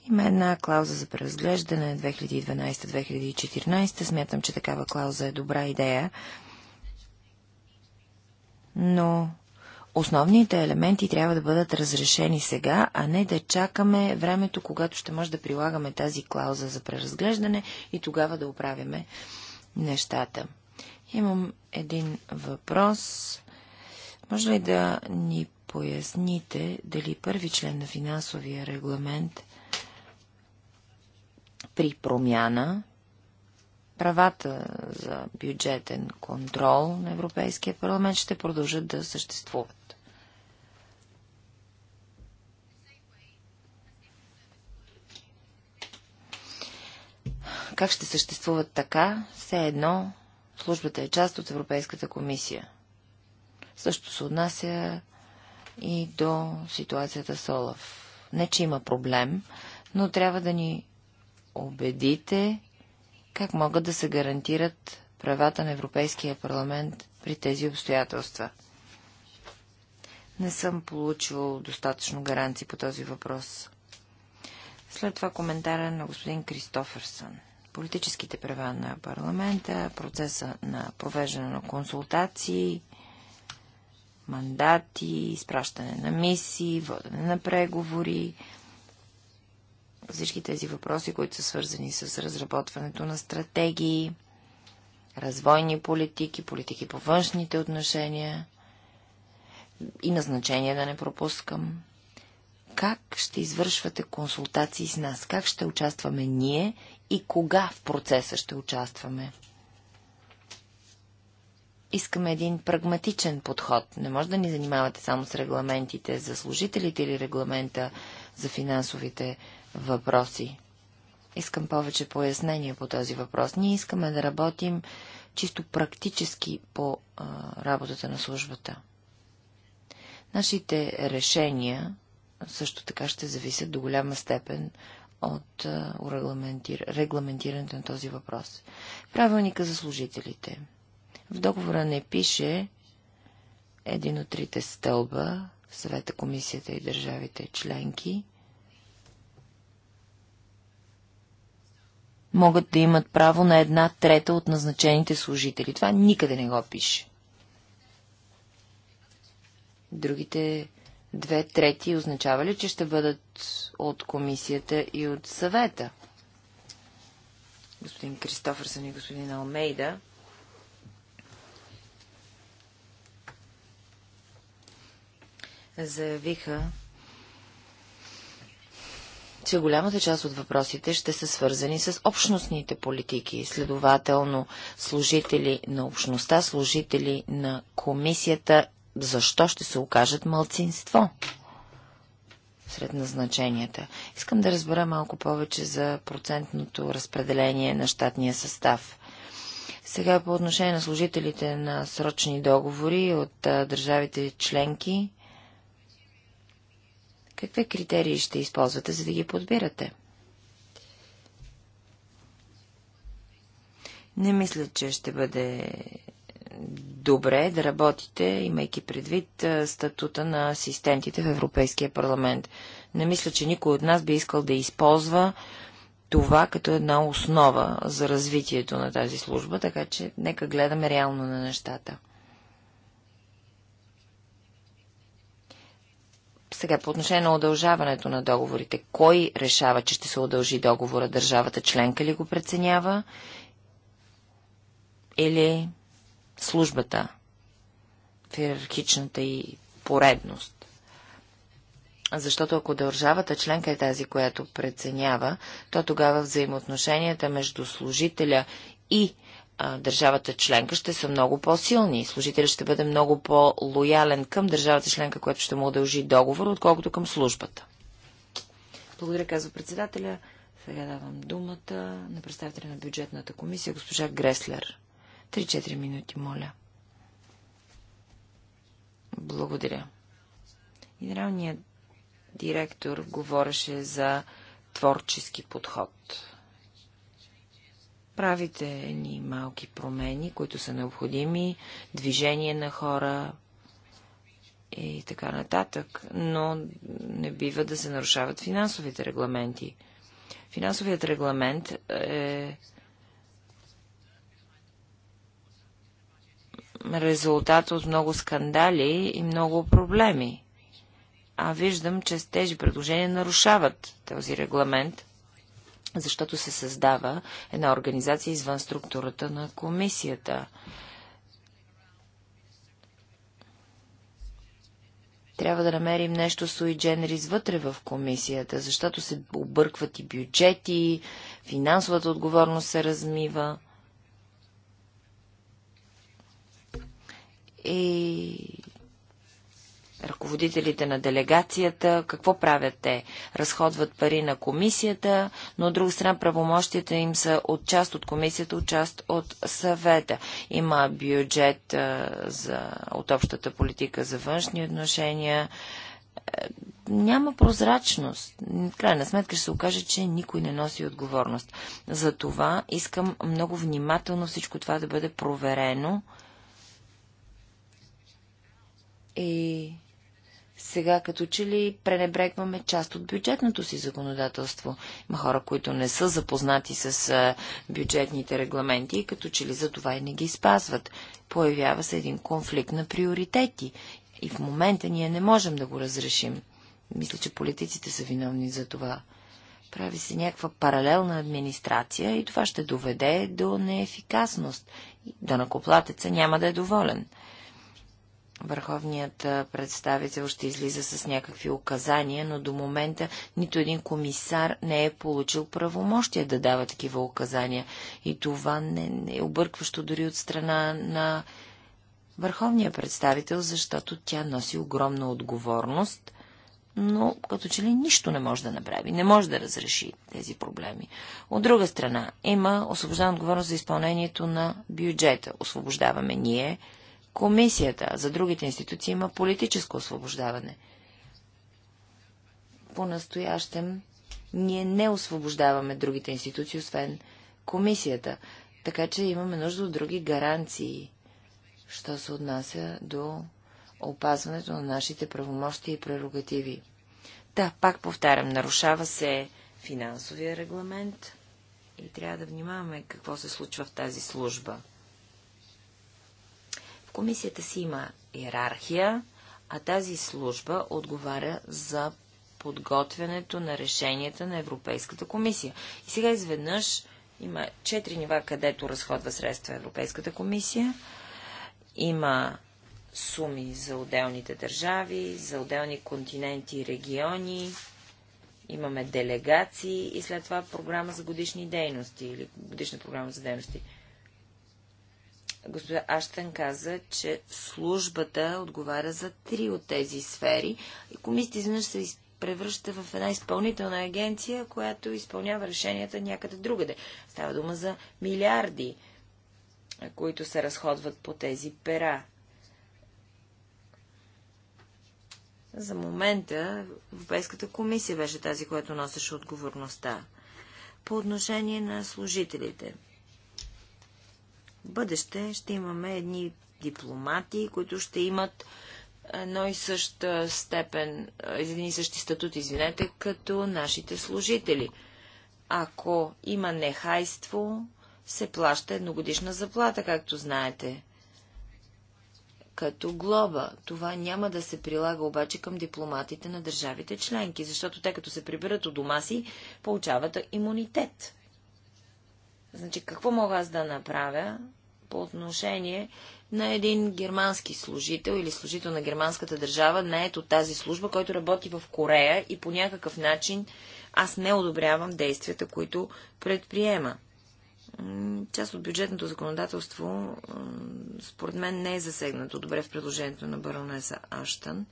Speaker 3: Има една клауза за преразглеждане 2012-2014. Смятам, че такава клауза е добра идея. Но основните елементи трябва да бъдат разрешени сега, а не да чакаме времето, когато ще може да прилагаме тази клауза за преразглеждане и тогава да оправяме нещата. Имам един въпрос. Може ли да ни поясните дали първи член на финансовия регламент при промяна правата за бюджетен контрол на Европейския парламент ще продължат да съществуват? Как ще съществуват така? Все едно Службата е част от Европейската комисия. Също се отнася и до ситуацията с Олаф. Не, че има проблем, но трябва да ни убедите как могат да се гарантират правата на Европейския парламент при тези обстоятелства. Не съм получил достатъчно гаранции по този въпрос. След това коментара на господин Кристоферсън политическите права на парламента, процеса на провеждане на консултации, мандати, изпращане на мисии, водене на преговори, всички тези въпроси, които са свързани с разработването на стратегии, развойни политики, политики по външните отношения и назначения да не пропускам. Как ще извършвате консултации с нас? Как ще участваме ние и кога в процеса ще участваме. Искаме един прагматичен подход. Не може да ни занимавате само с регламентите за служителите или регламента за финансовите въпроси. Искам повече пояснения по този въпрос. Ние искаме да работим чисто практически по а, работата на службата. Нашите решения също така ще зависят до голяма степен от регламентирането на този въпрос. Правилника за служителите. В договора не пише един от трите стълба, съвета, комисията и държавите членки, могат да имат право на една трета от назначените служители. Това никъде не го пише. Другите две трети означава ли, че ще бъдат от комисията и от съвета? Господин Кристофърсън и господин Алмейда. Заявиха, че голямата част от въпросите ще са свързани с общностните политики, следователно служители на общността, служители на комисията защо ще се окажат мълцинство сред назначенията. Искам да разбера малко повече за процентното разпределение на щатния състав. Сега по отношение на служителите на срочни договори от а, държавите членки, какви критерии ще използвате, за да ги подбирате? Не мисля, че ще бъде добре да работите, имайки предвид статута на асистентите в Европейския парламент. Не мисля, че никой от нас би искал да използва това като една основа за развитието на тази служба, така че нека гледаме реално на нещата. Сега, по отношение на удължаването на договорите, кой решава, че ще се удължи договора? Държавата членка ли го преценява? Или службата в иерархичната и поредност. Защото ако държавата членка е тази, която преценява, то тогава взаимоотношенията между служителя и а, държавата членка ще са много по-силни. Служителят ще бъде много по-лоялен към държавата членка, която ще му удължи договор, отколкото към службата. Благодаря, казва председателя. Сега давам думата на представителя на бюджетната комисия, госпожа Греслер. 3-4 минути, моля. Благодаря. Генералният директор говореше за творчески подход. Правите ни малки промени, които са необходими, движение на хора и така нататък, но не бива да се нарушават финансовите регламенти. Финансовият регламент е резултат от много скандали и много проблеми. А виждам, че тези предложения нарушават този регламент, защото се създава една организация извън структурата на комисията. трябва да намерим нещо с дженерис вътре в комисията, защото се объркват и бюджети, финансовата отговорност се размива. и ръководителите на делегацията, какво правят те? Разходват пари на комисията, но от друга страна правомощията им са от част от комисията, от част от съвета. Има бюджет за, от общата политика за външни отношения. Е, няма прозрачност. В крайна сметка ще се окаже, че никой не носи отговорност. За това искам много внимателно всичко това да бъде проверено и сега като че ли пренебрегваме част от бюджетното си законодателство. Има хора, които не са запознати с бюджетните регламенти и като че ли за това и не ги спазват. Появява се един конфликт на приоритети и в момента ние не можем да го разрешим. Мисля, че политиците са виновни за това. Прави се някаква паралелна администрация и това ще доведе до неефикасност. Данакоплатеца няма да е доволен върховният представител ще излиза с някакви указания, но до момента нито един комисар не е получил правомощие да дава такива указания. И това не, не е объркващо дори от страна на върховния представител, защото тя носи огромна отговорност, но като че ли нищо не може да направи, не може да разреши тези проблеми. От друга страна, има освобождана отговорност за изпълнението на бюджета. Освобождаваме ние, комисията, за другите институции има политическо освобождаване. По-настоящем ние не освобождаваме другите институции, освен комисията, така че имаме нужда от други гаранции, що се отнася до опазването на нашите правомощи и прерогативи. Да, пак повтарям, нарушава се финансовия регламент и трябва да внимаваме какво се случва в тази служба. Комисията си има иерархия, а тази служба отговаря за подготвянето на решенията на Европейската комисия. И сега изведнъж има четири нива, където разходва средства Европейската комисия. Има суми за отделните държави, за отделни континенти и региони. Имаме делегации и след това програма за годишни дейности или годишна програма за дейности. Господа Аштен каза, че службата отговаря за три от тези сфери и комисията изведнъж се превръща в една изпълнителна агенция, която изпълнява решенията някъде другаде. Става дума за милиарди, които се разходват по тези пера. За момента Европейската комисия беше тази, която носеше отговорността. По отношение на служителите – бъдеще ще имаме едни дипломати, които ще имат едно и съща степен, един и същи статут, извинете, като нашите служители. Ако има нехайство, се плаща едногодишна заплата, както знаете. Като глоба. Това няма да се прилага обаче към дипломатите на държавите членки, защото те като се приберат у дома си, получават имунитет. Значи, какво мога аз да направя по отношение на един германски служител или служител на германската държава, не ето тази служба, който работи в Корея и по някакъв начин аз не одобрявам действията, които предприема. Част от бюджетното законодателство, според мен, не е засегнато добре в предложението на баронеса Аштън.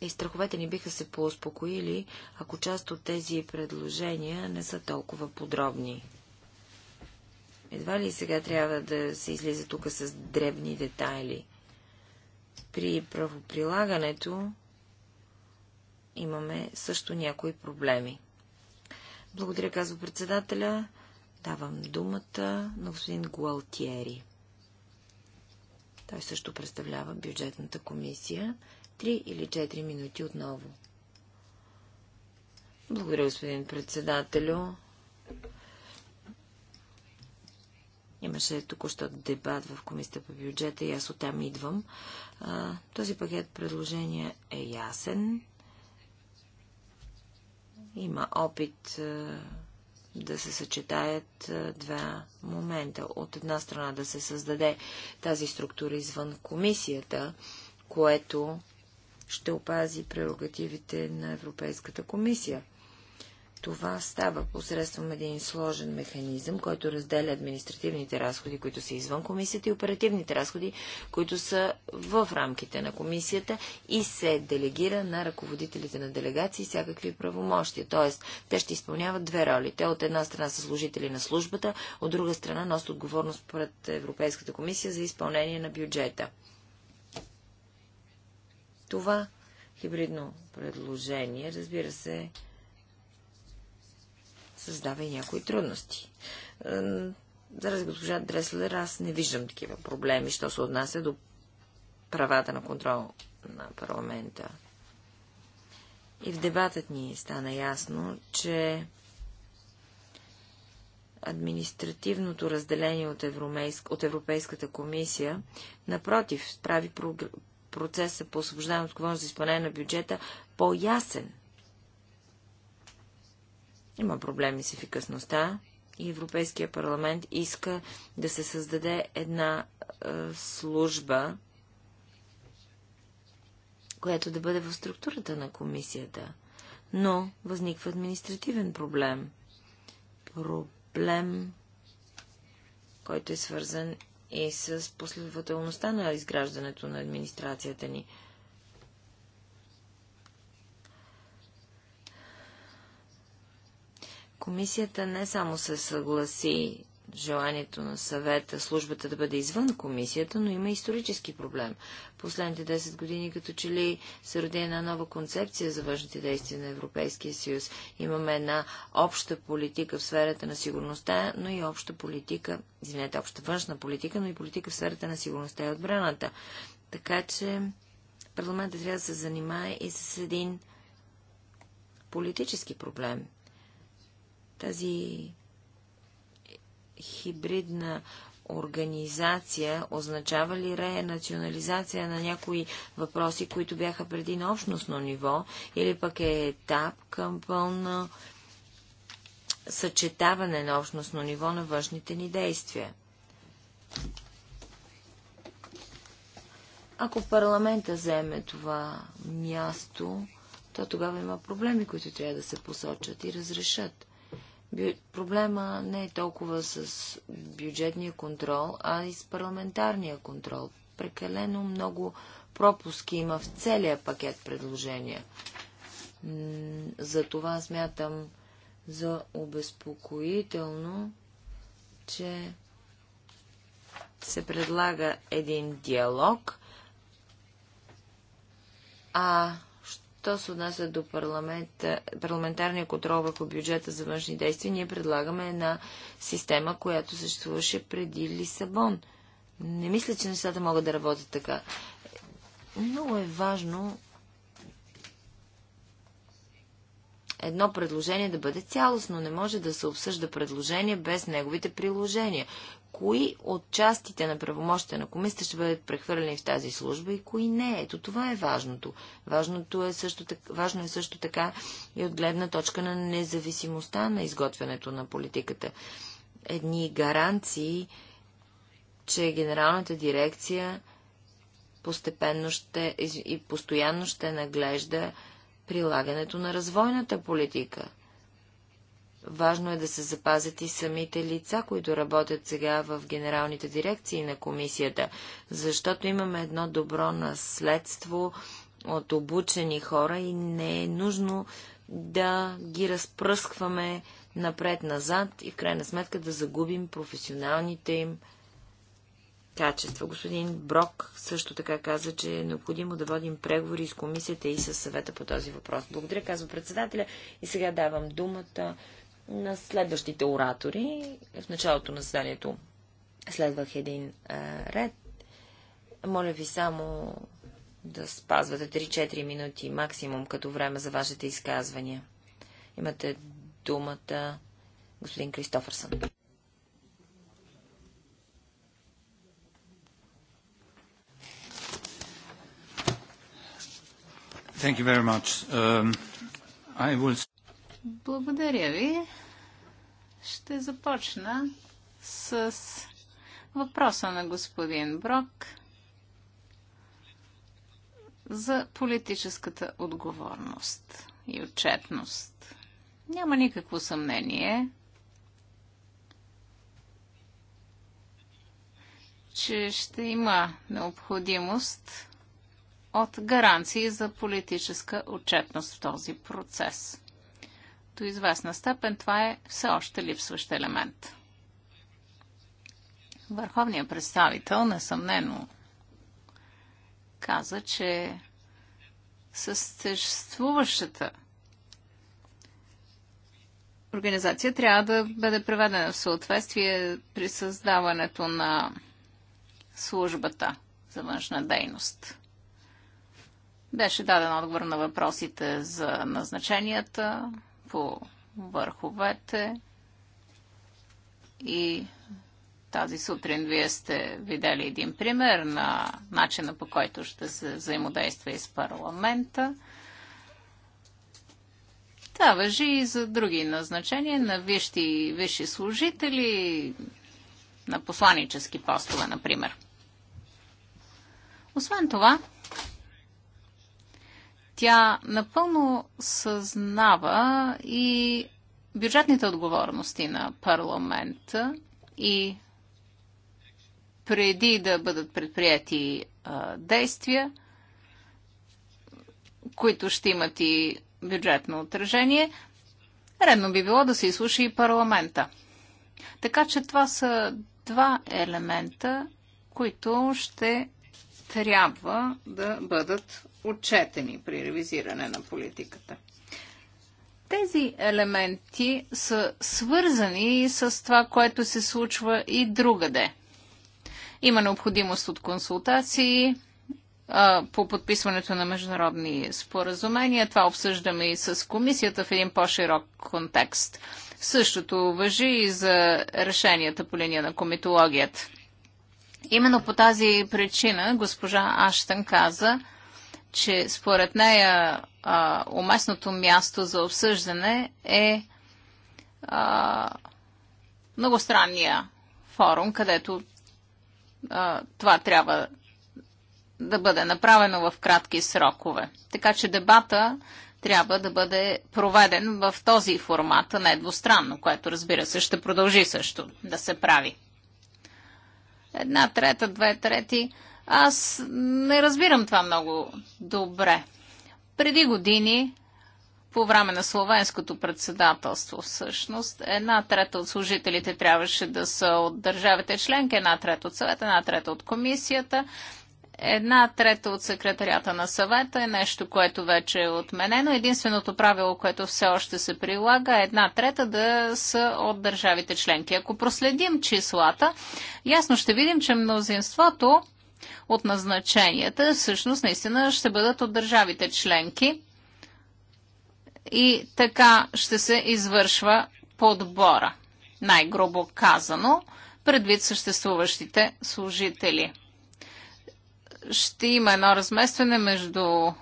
Speaker 3: И страховете ни биха се поуспокоили, ако част от тези предложения не са толкова подробни. Едва ли сега трябва да се излиза тук с дребни детайли? При правоприлагането имаме също някои проблеми. Благодаря, казва председателя. Давам думата на господин Гуалтиери. Той също представлява бюджетната комисия. Три или четири минути отново. Благодаря, господин председателю. Имаше току-що дебат в комисията по бюджета и аз оттам идвам. А, този пакет предложения е ясен. Има опит а, да се съчетаят а, два момента. От една страна да се създаде тази структура извън комисията, което ще опази прерогативите на Европейската комисия. Това става посредством един сложен механизъм, който разделя административните разходи, които са извън комисията и оперативните разходи, които са в рамките на комисията и се делегира на ръководителите на делегации и всякакви правомощия. Тоест, те ще изпълняват две роли. Те от една страна са служители на службата, от друга страна носят отговорност пред Европейската комисия за изпълнение на бюджета това хибридно предложение, разбира се, създава и някои трудности. Е, Зараз госпожа Дреслер, аз не виждам такива проблеми, що се отнася до правата на контрол на парламента. И в дебатът ни стана ясно, че административното разделение от, Европейск... от Европейската комисия, напротив, прави процеса е по освобождане от отговорност за изпълнение на бюджета по-ясен. Има проблеми с ефикасността и Европейския парламент иска да се създаде една е, служба, която да бъде в структурата на комисията. Но възниква административен проблем. Проблем, който е свързан и е с последователността на изграждането на администрацията ни. Комисията не само се съгласи желанието на съвета, службата да бъде извън комисията, но има исторически проблем. Последните 10 години като че ли се роди една нова концепция за външните действия на Европейския съюз. Имаме една обща политика в сферата на сигурността, но и обща политика, извинете, обща външна политика, но и политика в сферата на сигурността и отбраната. Така че парламентът трябва да се занимае и с един политически проблем. Тази хибридна организация означава ли ренационализация на някои въпроси, които бяха преди на общностно ниво, или пък е етап към пълно съчетаване на общностно ниво на външните ни действия? Ако парламента заеме това място, то тогава има проблеми, които трябва да се посочат и разрешат. Проблема не е толкова с бюджетния контрол, а и с парламентарния контрол. Прекалено много пропуски има в целия пакет предложения. За това смятам за обезпокоително, че се предлага един диалог, а Що се отнася до парламента, парламентарния контрол върху бюджета за външни действия, ние предлагаме една система, която съществуваше преди Лисабон. Не мисля, че нещата могат да работят така. Много е важно едно предложение да бъде цялостно. Не може да се обсъжда предложение без неговите приложения кои от частите на правомощите на комисията ще бъдат прехвърлени в тази служба и кои не. Ето това е важното. Важното е също така, важно е също така и от гледна точка на независимостта на изготвянето на политиката. Едни гаранции, че генералната дирекция постепенно ще и постоянно ще наглежда прилагането на развойната политика – Важно е да се запазят и самите лица, които работят сега в генералните дирекции на комисията, защото имаме едно добро наследство от обучени хора и не е нужно да ги разпръскваме напред-назад и в крайна сметка да загубим професионалните им качества. Господин Брок също така каза, че е необходимо да водим преговори с комисията и с съвета по този въпрос. Благодаря, казва председателя. И сега давам думата на следващите оратори. В началото на заседанието следвах един а, ред. Моля ви само да спазвате 3-4 минути максимум като време за вашите изказвания. Имате думата господин Кристофърсън. Thank you very much. Um, I will...
Speaker 1: Благодаря ви. Ще започна с въпроса на господин Брок за политическата отговорност и отчетност. Няма никакво съмнение, че ще има необходимост от гаранции за политическа отчетност в този процес до известна степен това е все още липсващ елемент. Върховният представител, несъмнено, каза, че съществуващата организация трябва да бъде преведена в съответствие при създаването на службата за външна дейност. Беше даден отговор на въпросите за назначенията, по върховете и тази сутрин вие сте видели един пример на начина по който ще се взаимодейства и с парламента. Това въжи и за други назначения на и висши служители, на посланически постове, например. Освен това, тя напълно съзнава и бюджетните отговорности на парламента и преди да бъдат предприяти а, действия, които ще имат и бюджетно отражение, редно би било да се изслуша и парламента. Така че това са два елемента, които ще трябва да бъдат отчетени при ревизиране на политиката. Тези елементи са свързани с това, което се случва и другаде. Има необходимост от консултации а, по подписването на международни споразумения. Това обсъждаме и с комисията в един по-широк контекст. Същото въжи и за решенията по линия на комитологията. Именно по тази причина госпожа Аштън каза, че според нея а, уместното място за обсъждане е а, многостранния форум, където а, това трябва да бъде направено в кратки срокове. Така че дебата трябва да бъде проведен в този формат, а не което разбира се ще продължи също да се прави. Една трета, две трети аз не разбирам това много добре. Преди години, по време на словенското председателство всъщност, една трета от служителите трябваше да са от държавите членки, една трета от съвета, една трета от комисията, една трета от секретарията на съвета е нещо, което вече е отменено. Единственото правило, което все още се прилага, е една трета да са от държавите членки. Ако проследим числата, ясно ще видим, че мнозинството от назначенията всъщност наистина ще бъдат от държавите членки и така ще се извършва подбора, най-грубо казано, предвид съществуващите служители. Ще има едно разместване между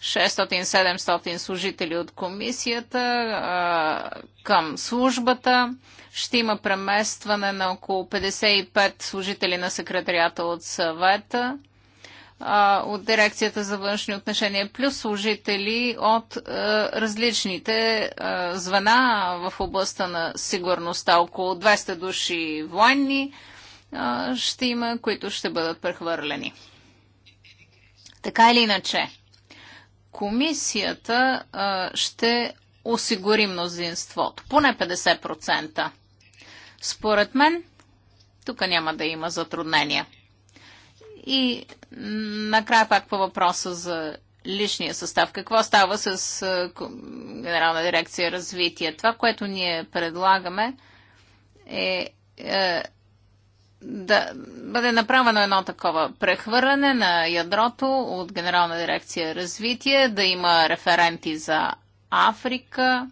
Speaker 1: 600-700 служители от комисията към службата ще има преместване на около 55 служители на секретарията от съвета, от дирекцията за външни отношения, плюс служители от е, различните е, звена в областта на сигурността. Около 200 души военни е, ще има, които ще бъдат прехвърлени. Така или иначе, комисията ще осигури мнозинството, поне 50%. Според мен, тук няма да има затруднения. И накрая пак по въпроса за личния състав. Какво става с Генерална дирекция развитие? Това, което ние предлагаме е, е да бъде направено едно такова прехвърляне на ядрото от Генерална дирекция развитие, да има референти за Африка,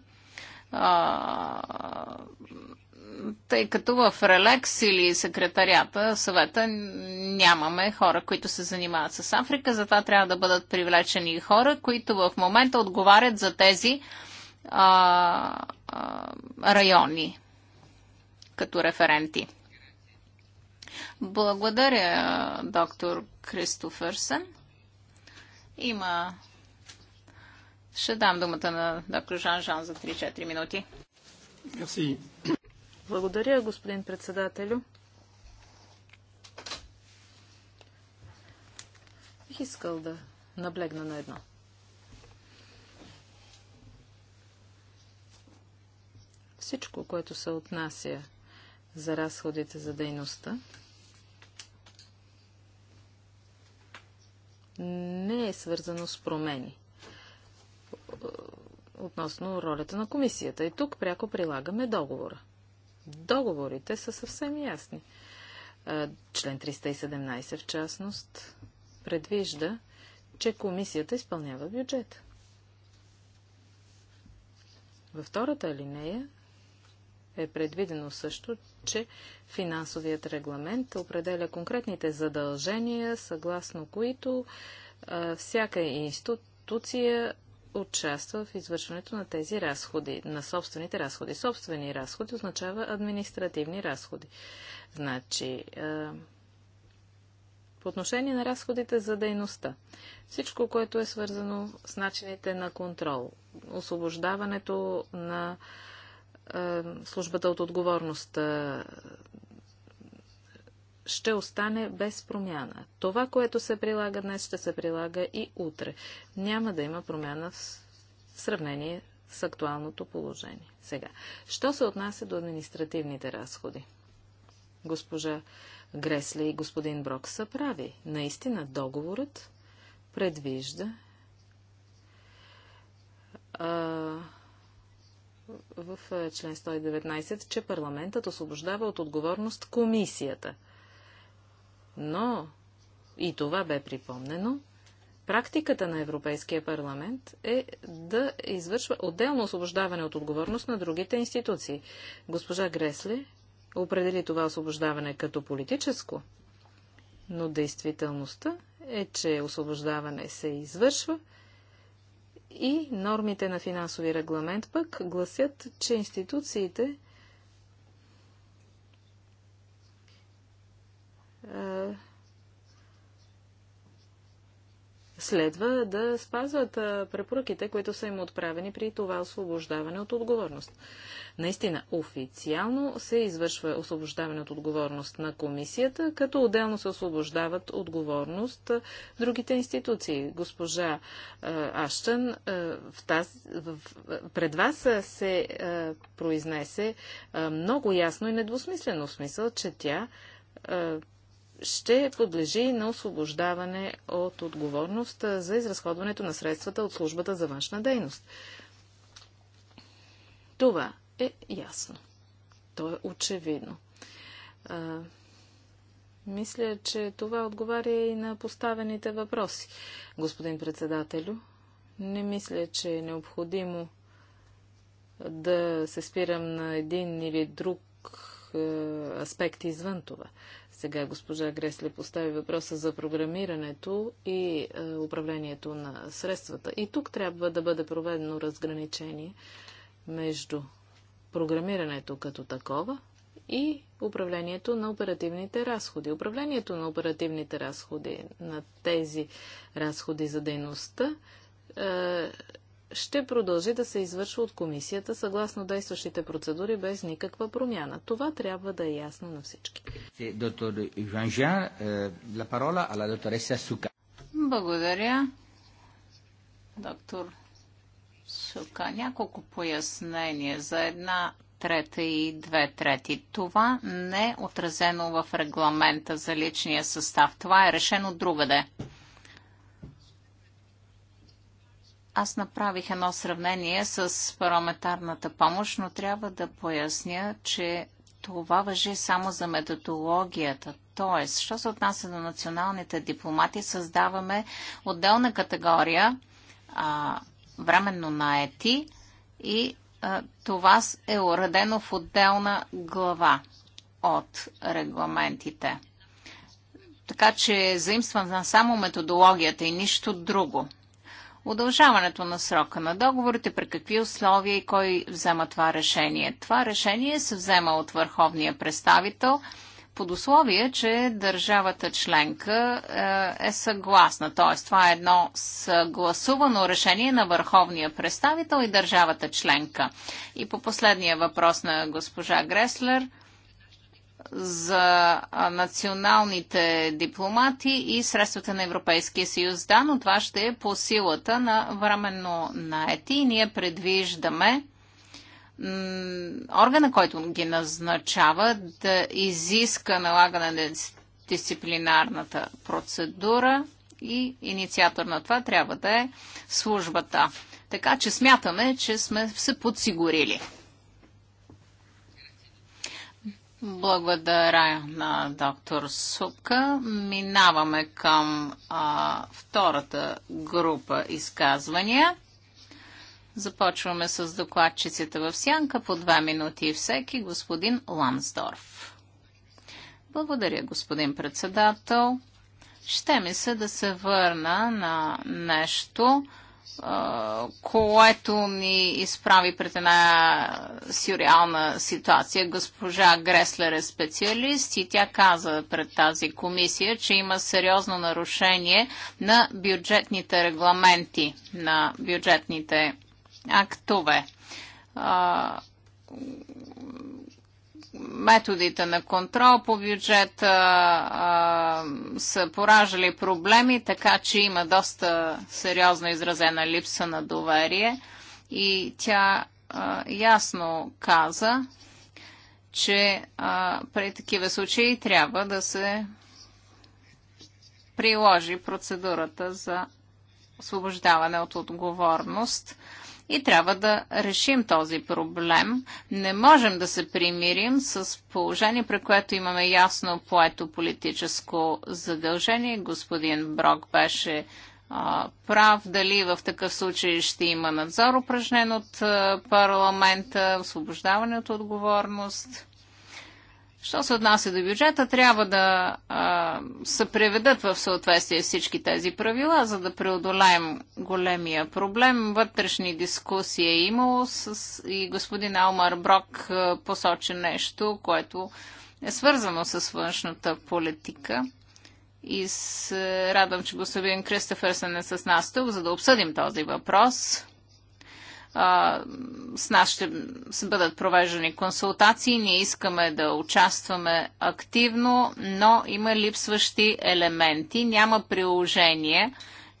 Speaker 1: тъй като в Релекс или секретарията съвета нямаме хора, които се занимават с Африка, затова трябва да бъдат привлечени хора, които в момента отговарят за тези а, а, райони като референти. Благодаря, доктор Кристофърсен. Има. Ще дам думата на доктор Жан Жан за 3-4 минути. Merci. Благодаря, господин председателю.
Speaker 2: Бих искал да наблегна на едно. Всичко, което се отнася за разходите за дейността, не е свързано с промени относно ролята на комисията. И тук пряко прилагаме договора договорите са съвсем ясни. Член 317 в частност предвижда, че комисията изпълнява бюджет. Във втората алинея е предвидено също, че финансовият регламент определя конкретните задължения, съгласно които а, всяка институция участва в извършването на тези разходи, на собствените разходи. Собствени разходи означава административни разходи. Значи, е, по отношение на разходите за дейността, всичко, което е свързано с начините на контрол, освобождаването на е, службата от отговорност, е, ще остане без промяна. Това, което се прилага днес, ще се прилага и утре. Няма да има промяна в сравнение с актуалното положение. Сега, що се отнася до административните разходи? Госпожа Гресли и господин Брок са прави. Наистина договорът предвижда а, в член 119, че парламентът освобождава от отговорност комисията – но, и това бе припомнено, практиката на Европейския парламент е да извършва отделно освобождаване от отговорност на другите институции. Госпожа Гресли определи това освобождаване като политическо, но действителността е, че освобождаване се извършва и нормите на финансови регламент пък гласят, че институциите Е, следва да спазват е, препоръките, които са им отправени при това освобождаване от отговорност. Наистина, официално се извършва освобождаване от отговорност на комисията, като отделно се освобождават отговорност е, другите институции. Госпожа Аштън в таз, в, пред вас се произнесе много ясно и недвусмислено в смисъл, че тя ще подлежи на освобождаване от отговорност за изразходването на средствата от службата за външна дейност. Това е ясно. То е очевидно. А, мисля, че това отговаря и на поставените въпроси. Господин председателю, не мисля, че е необходимо да се спирам на един или друг аспект извън това. Сега госпожа Гресли, постави въпроса за програмирането и е, управлението на средствата. И тук трябва да бъде проведено разграничение между програмирането като такова и управлението на оперативните разходи. Управлението на оперативните разходи, на тези разходи за дейността, е, ще продължи да се извършва от комисията съгласно действащите процедури без никаква промяна. Това трябва да е ясно на всички.
Speaker 1: Е, е, Благодаря. Доктор Сука, няколко пояснения за една трета и две трети. Това не е отразено в регламента за личния състав. Това е решено другаде. Аз направих едно сравнение с парламентарната помощ, но трябва да поясня, че това въжи само за методологията. Тоест, що се отнася до националните дипломати, създаваме отделна категория а, временно наети и а, това е уредено в отделна глава от регламентите. Така че заимствам само методологията и нищо друго удължаването на срока на договорите, при какви условия и кой взема това решение. Това решение се взема от върховния представител под условие, че държавата членка е, е съгласна. Т.е. това е едно съгласувано решение на върховния представител и държавата членка. И по последния въпрос на госпожа Греслер – за националните дипломати и средствата на Европейския съюз. Да, но това ще е по силата на временно наети и ние предвиждаме органа, който ги назначава, да изиска налагане на дисциплинарната процедура и инициатор на това трябва да е службата. Така че смятаме, че сме се подсигурили. Благодаря на доктор Сука. Минаваме към а, втората група изказвания. Започваме с докладчиците в сянка по два минути и всеки, господин Лансдорф. Благодаря, господин председател. Ще ми се да се върна на нещо, което ни изправи пред една сюрреална ситуация. Госпожа Греслер е специалист и тя каза пред тази комисия, че има сериозно нарушение на бюджетните регламенти, на бюджетните актове методите на контрол по бюджета а, са поражали проблеми, така че има доста сериозно изразена липса на доверие и тя а, ясно каза, че а, при такива случаи трябва да се приложи процедурата за освобождаване от отговорност и трябва да решим този проблем. Не можем да се примирим с положение, при което имаме ясно поето политическо задължение. Господин Брок беше а, прав, дали в такъв случай ще има надзор упражнен от парламента, освобождаване от отговорност. Що се отнася до бюджета, трябва да а, се преведат в съответствие всички тези правила, за да преодолеем големия проблем. Вътрешни дискусии е имало с, и господин Алмар Брок посочи нещо, което е свързано с външната политика. И с, радвам, че господин Кристоферсън е с нас тук, за да обсъдим този въпрос с нас ще бъдат провеждани консултации. Ние искаме да участваме активно, но има липсващи елементи. Няма приложение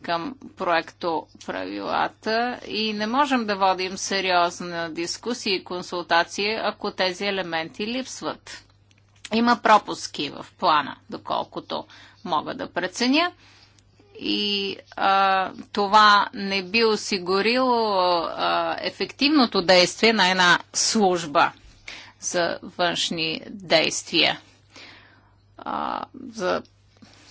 Speaker 1: към проекто правилата и не можем да водим сериозна дискусия и консултация, ако тези елементи липсват. Има пропуски в плана, доколкото мога да преценя и а, това не би осигурило а, ефективното действие на една служба за външни действия. А, за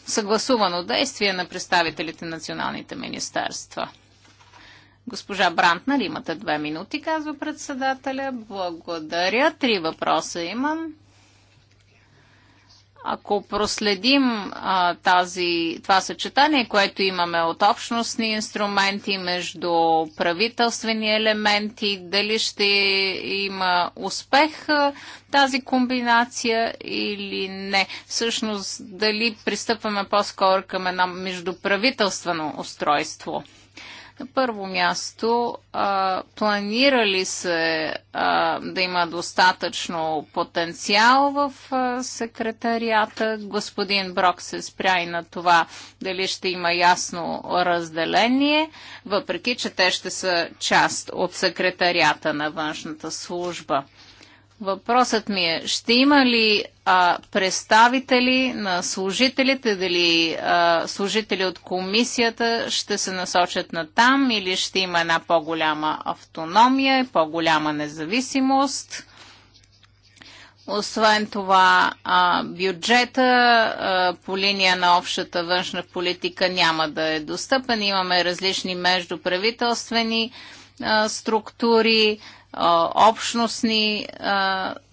Speaker 1: съгласувано действие на представителите на националните министерства. Госпожа Брантнер, имате две минути, казва председателя. Благодаря. Три въпроса имам. Ако проследим а, тази, това съчетание, което имаме от общностни инструменти между правителствени елементи, дали ще има успех а, тази комбинация или не. Всъщност, дали пристъпваме по-скоро към едно междуправителствено устройство. На първо място, а, планира ли се а, да има достатъчно потенциал в а, секретарията? Господин Брок се спря и на това дали ще има ясно разделение, въпреки че те ще са част от секретарията на външната служба. Въпросът ми е, ще има ли а, представители на служителите, дали а, служители от комисията ще се насочат на там или ще има една по-голяма автономия и по-голяма независимост? Освен това, а, бюджета а, по линия на общата външна политика няма да е достъпен. Имаме различни междуправителствени а, структури, общностни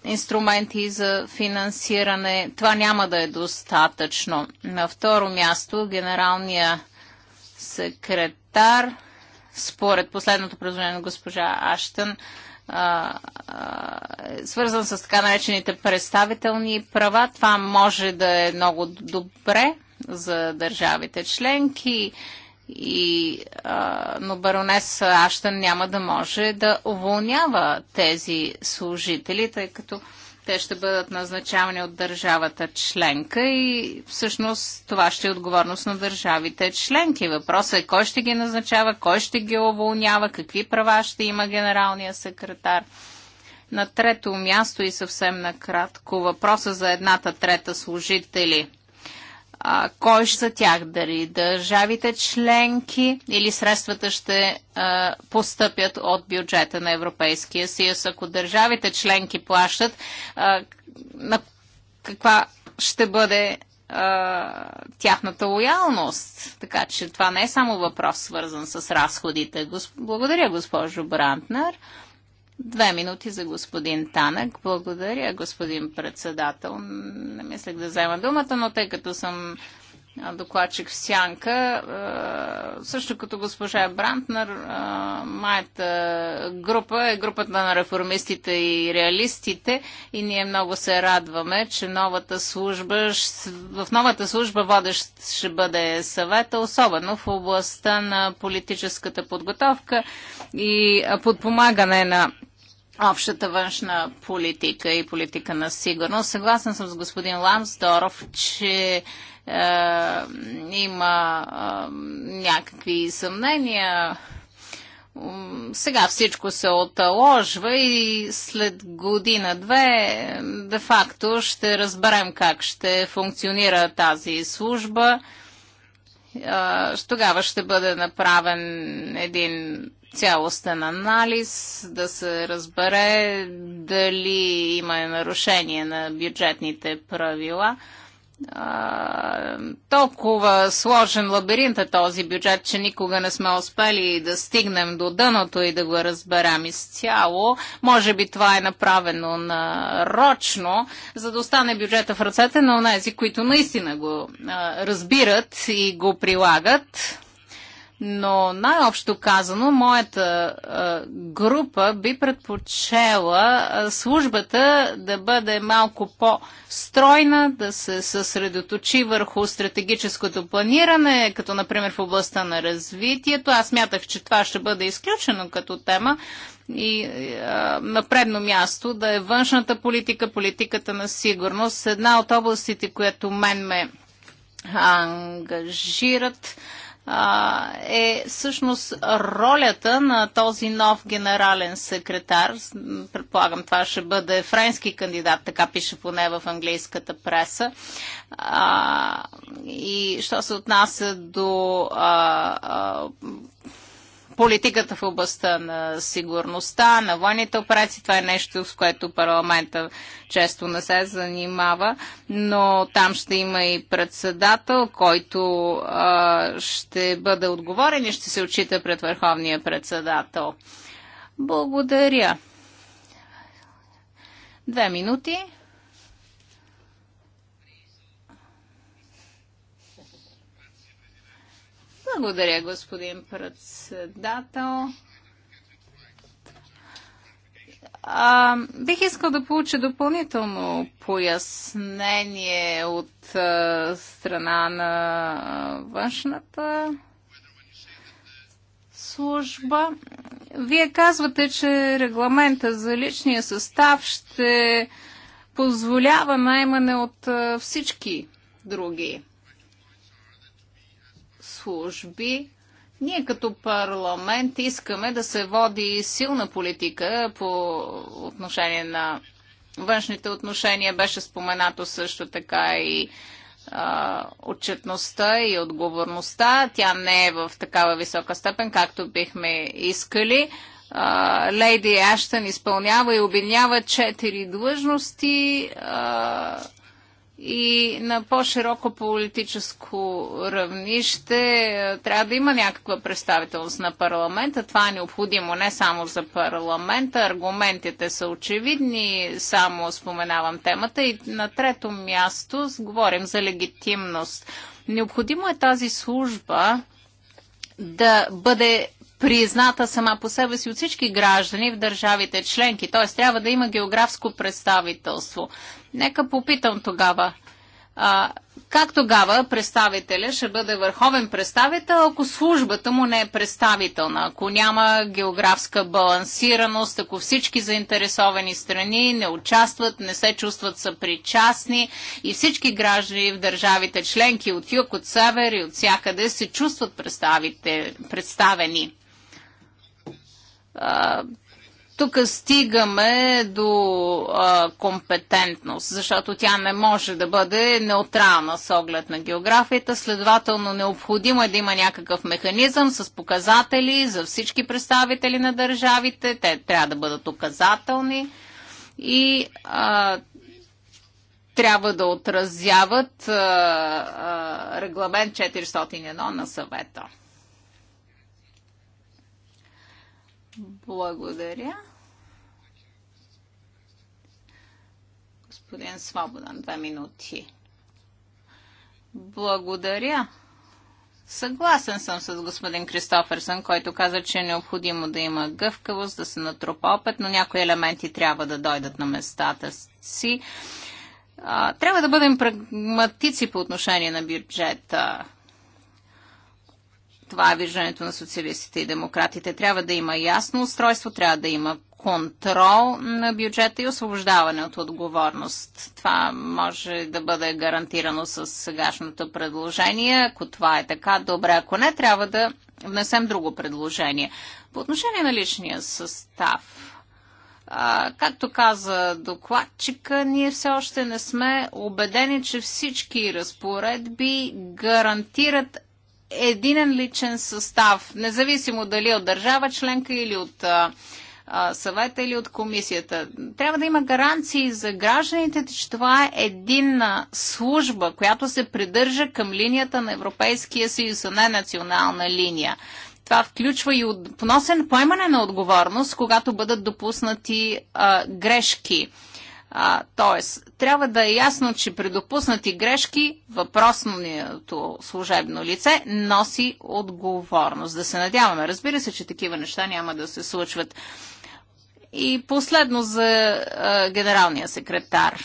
Speaker 1: инструменти за финансиране. Това няма да е достатъчно. На второ място, генералния секретар, според последното предложение на госпожа Аштън, е свързан с така наречените представителни права. Това може да е много добре за държавите членки и, а, но баронес Аштън няма да може да уволнява тези служители, тъй като те ще бъдат назначавани от държавата членка и всъщност това ще е отговорност на държавите членки. Въпросът е кой ще ги назначава, кой ще ги уволнява, какви права ще има генералния секретар. На трето място и съвсем накратко въпроса за едната трета служители – а, кой ще са тях, дали държавите членки или средствата ще а, постъпят от бюджета на Европейския съюз. Ако държавите членки плащат, а, на каква ще бъде а, тяхната лоялност. Така че това не е само въпрос свързан с разходите. Госп... Благодаря, госпожо Брантнер. Две минути за господин Танък. Благодаря, господин председател. Не мислех да взема думата, но тъй като съм докладчик в Сянка. Също като госпожа Брантнер, моята група е групата на реформистите и реалистите и ние много се радваме, че новата служба, в новата служба водещ ще бъде съвета, особено в областта на политическата подготовка и подпомагане на общата външна политика и политика на сигурност. Съгласна съм с господин Ламсдоров, че е, има е, някакви съмнения. Сега всичко се оталожва и след година-две де-факто ще разберем как ще функционира тази служба. Е, тогава ще бъде направен един цялостен анализ, да се разбере дали има нарушение на бюджетните правила толкова сложен лабиринт е този бюджет, че никога не сме успели да стигнем до дъното и да го разберем изцяло. Може би това е направено нарочно, за да остане бюджета в ръцете на тези, които наистина го а, разбират и го прилагат. Но най-общо казано, моята а, група би предпочела а, службата да бъде малко по-стройна, да се съсредоточи върху стратегическото планиране, като например в областта на развитието. Аз мятах, че това ще бъде изключено като тема и а, на предно място да е външната политика, политиката на сигурност. Една от областите, която мен ме ангажират е всъщност ролята на този нов генерален секретар. Предполагам, това ще бъде френски кандидат, така пише поне в английската преса. А, и що се отнася до а, а, политиката в областта на сигурността, на военните операции. Това е нещо, с което парламента често не се занимава, но там ще има и председател, който а, ще бъде отговорен и ще се отчита пред върховния председател. Благодаря. Две минути. Благодаря, господин председател. А, бих искал да получа допълнително пояснение от а, страна на външната служба. Вие казвате, че регламента за личния състав ще позволява наймане от а, всички други служби. Ние като парламент искаме да се води силна политика по отношение на външните отношения. Беше споменато също така и отчетността и отговорността. Тя не е в такава висока степен, както бихме искали. Лейди Аштън изпълнява и обединява четири длъжности. А, и на по-широко политическо равнище е, трябва да има някаква представителност на парламента. Това е необходимо не само за парламента. Аргументите са очевидни, само споменавам темата. И на трето място говорим за легитимност. Необходимо е тази служба да бъде призната сама по себе си от всички граждани в държавите членки. Т.е. трябва да има географско представителство. Нека попитам тогава. А, как тогава представителя ще бъде върховен представител, ако службата му не е представителна, ако няма географска балансираност, ако всички заинтересовани страни не участват, не се чувстват съпричастни и всички граждани в държавите членки от юг, от север и от всякъде се чувстват представени. А, тук стигаме до а, компетентност, защото тя не може да бъде неутрална с оглед на географията. Следователно, необходимо е да има някакъв механизъм с показатели за всички представители на държавите. Те трябва да бъдат указателни и а, трябва да отразяват а, а, регламент 401 на съвета. Благодаря. господин Свободан. Две минути. Благодаря. Съгласен съм с господин Кристоферсън, който каза, че е необходимо да има гъвкавост, да се натрупа опит, но някои елементи трябва да дойдат на местата си. Трябва да бъдем прагматици по отношение на бюджета. Това е виждането на социалистите и демократите. Трябва да има ясно устройство, трябва да има контрол на бюджета и освобождаване от отговорност. Това може да бъде гарантирано с сегашното предложение. Ако това е така, добре. Ако не, трябва да внесем друго предложение. По отношение на личния състав, както каза докладчика, ние все още не сме убедени, че всички разпоредби гарантират единен личен състав, независимо дали от държава членка или от а, съвета или от комисията. Трябва да има гаранции за гражданите, че това е единна служба, която се придържа към линията на Европейския съюз, а не национална линия. Това включва и от поносен поемане на отговорност, когато бъдат допуснати а, грешки. А, тоест, трябва да е ясно, че при допуснати грешки въпросното служебно лице носи отговорност. Да се надяваме, разбира се, че такива неща няма да се случват. И последно за а, генералния секретар.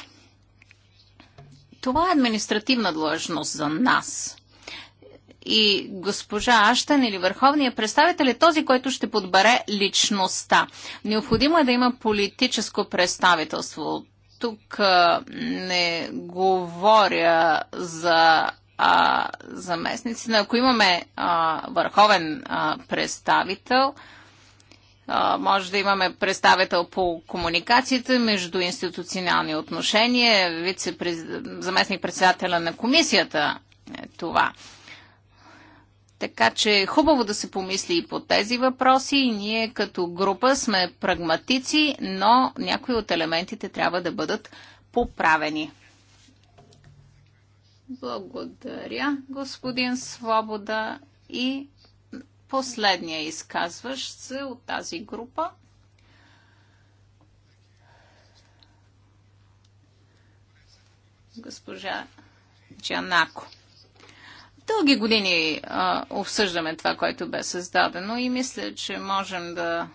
Speaker 1: Това е административна длъжност за нас. И госпожа Аштен или върховният представител е този, който ще подбере личността. Необходимо е да има политическо представителство. Тук а, не говоря за а, заместници, но ако имаме а, върховен а, представител, а, може да имаме представител по комуникацията между институционални отношения, заместник-председателя на комисията е това. Така че е хубаво да се помисли и по тези въпроси. ние като група сме прагматици, но някои от елементите трябва да бъдат поправени. Благодаря, господин Свобода. И последния изказващ се от тази група. Госпожа Джанако. Дълги години а, обсъждаме това, което бе създадено и мисля, че можем да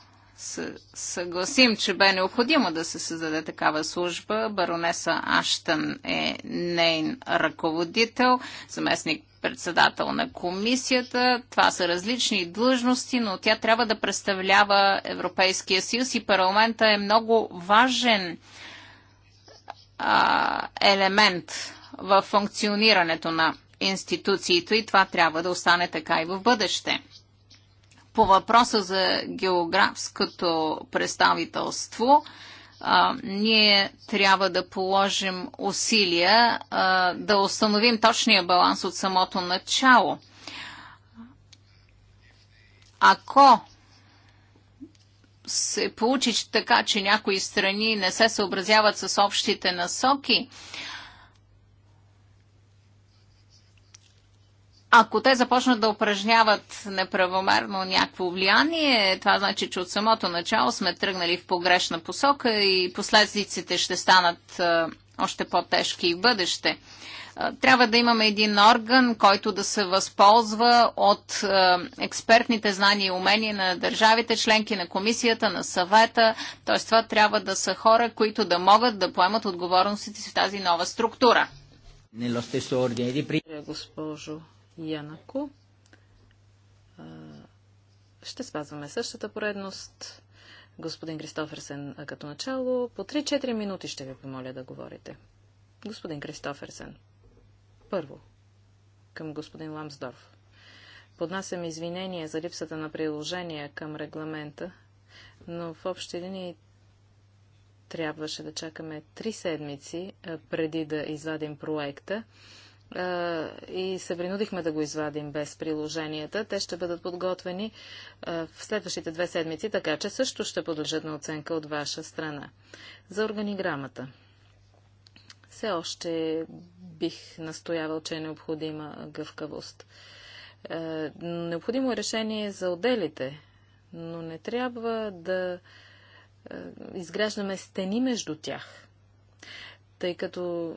Speaker 1: съгласим, че бе необходимо да се създаде такава служба. Баронеса Аштън е нейн ръководител, заместник председател на комисията. Това са различни длъжности, но тя трябва да представлява Европейския съюз и парламента е много важен а, елемент в функционирането на институциите и това трябва да остане така и в бъдеще. По въпроса за географското представителство, а, ние трябва да положим усилия а, да установим точния баланс от самото начало. Ако се получи така, че някои страни не се съобразяват с общите насоки, ако те започнат да упражняват неправомерно някакво влияние, това значи, че от самото начало сме тръгнали в погрешна посока и последствиците ще станат още по-тежки в бъдеще. Трябва да имаме един орган, който да се възползва от експертните знания и умения на държавите, членки на комисията, на съвета. Т.е. това трябва да са хора, които да могат да поемат отговорностите си в тази нова структура.
Speaker 2: Госпожо Янако. Ще спазваме същата поредност. Господин Кристоферсен, като начало, по 3-4 минути ще ви помоля да говорите. Господин Кристоферсен, първо, към господин Ламсдорф. Поднасям извинения за липсата на приложение към регламента, но в общи линии трябваше да чакаме три седмици преди да извадим проекта е, и се принудихме да го извадим без приложенията. Те ще бъдат подготвени е, в следващите две седмици, така че също ще подлежат на оценка от ваша страна. За органиграмата. Все още бих настоявал, че е необходима гъвкавост. Е, необходимо е решение за отделите, но не трябва да изграждаме стени между тях, тъй като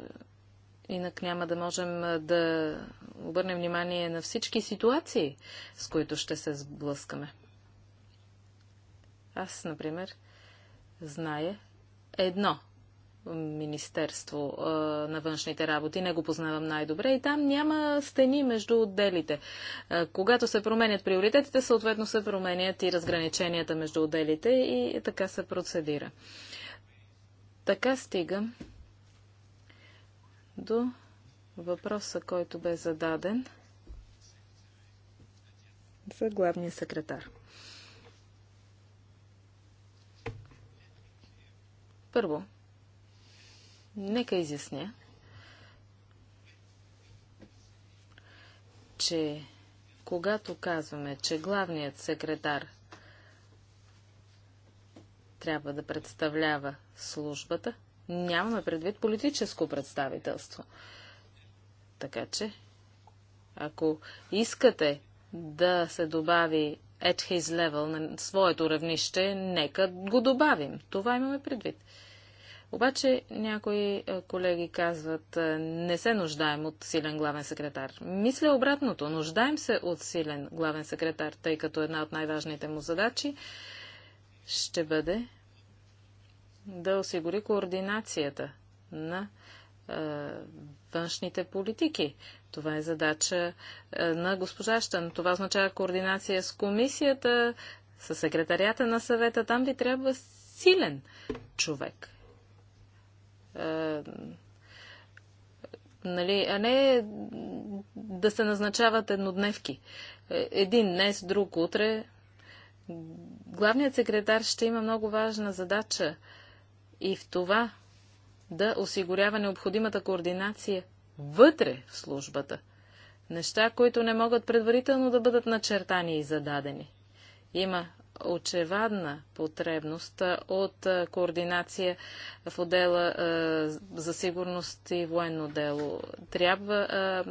Speaker 2: Инак няма да можем да обърнем внимание на всички ситуации, с които ще се сблъскаме. Аз, например, зная едно Министерство а, на външните работи. Не го познавам най-добре и там няма стени между отделите. А, когато се променят приоритетите, съответно се променят и разграниченията между отделите и така се процедира. Така стигам до въпроса, който бе зададен за главния секретар. Първо, нека изясня, че когато казваме, че главният секретар трябва да представлява службата, Нямаме предвид политическо представителство. Така че, ако искате да се добави at his level, на своето равнище, нека го добавим. Това имаме предвид. Обаче някои е, колеги казват, е, не се нуждаем от силен главен секретар. Мисля обратното, нуждаем се от силен главен секретар, тъй като една от най-важните му задачи ще бъде да осигури координацията на външните политики. Това е задача на госпожа Штън. Това означава координация с комисията, с секретарията на съвета. Там ви трябва силен човек. Е, нали, а не да се назначават еднодневки. Е, един днес, друг утре. Главният секретар ще има много важна задача и в това да осигурява необходимата координация вътре в службата. Неща, които не могат предварително да бъдат начертани и зададени. Има очевадна потребност от координация в отдела за сигурност и военно дело. Трябва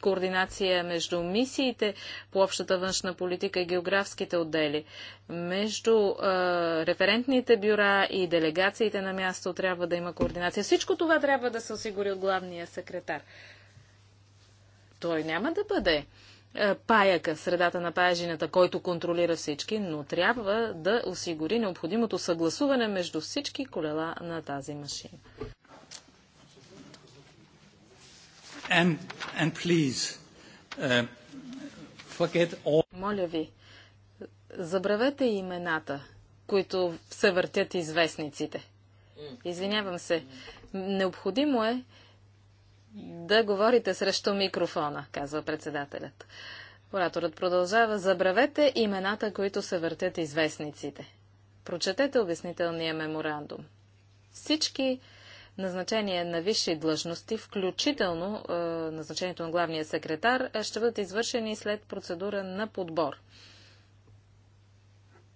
Speaker 2: координация между мисиите по общата външна политика и географските отдели. Между референтните бюра и делегациите на място трябва да има координация. Всичко това трябва да се осигури от главния секретар. Той няма да бъде е, паяка средата на паяжината, който контролира всички, но трябва да осигури необходимото съгласуване между всички колела на тази машина.
Speaker 3: And, and please,
Speaker 1: uh, all...
Speaker 2: Моля ви, забравете имената, които се въртят известниците. Извинявам се. Необходимо е да говорите срещу микрофона, казва председателят. Ораторът продължава. Забравете имената, които се въртят известниците. Прочетете обяснителния меморандум. Всички назначения на висши длъжности, включително е, назначението на главния секретар, е, ще бъдат извършени след процедура на подбор.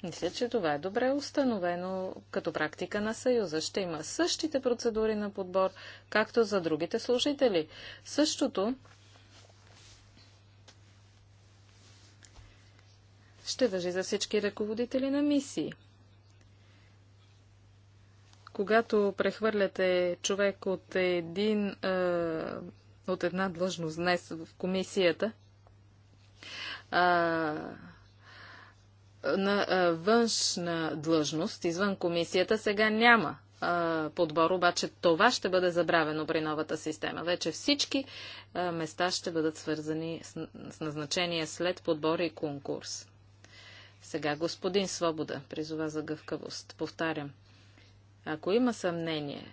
Speaker 2: Мисля, че това е добре установено като практика на Съюза. Ще има същите процедури на подбор, както за другите служители. Същото ще въжи за всички ръководители на мисии. Когато прехвърляте човек от, един, е, от една длъжност днес в комисията, е, на външна длъжност извън комисията сега няма подбор, обаче това ще бъде забравено при новата система. Вече всички места ще бъдат свързани с назначение след подбор и конкурс. Сега господин Свобода призова за гъвкавост. Повтарям, ако има съмнение,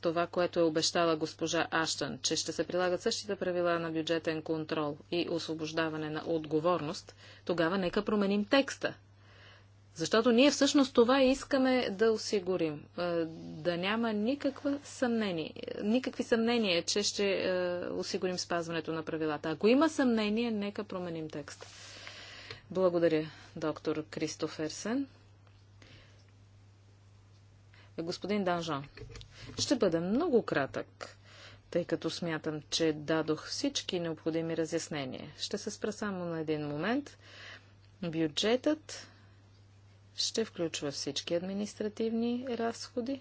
Speaker 2: това, което е обещала госпожа Аштън, че ще се прилагат същите правила на бюджетен контрол и освобождаване на отговорност, тогава нека променим текста. Защото ние всъщност това искаме да осигурим. Е, да няма никаква съмнение, никакви съмнения, че ще е, осигурим спазването на правилата. Ако има съмнение, нека променим текста. Благодаря, доктор Кристоферсен. Господин Данжан, ще бъда много кратък, тъй като смятам, че дадох всички необходими разяснения. Ще се спра само на един момент. Бюджетът ще включва всички административни разходи,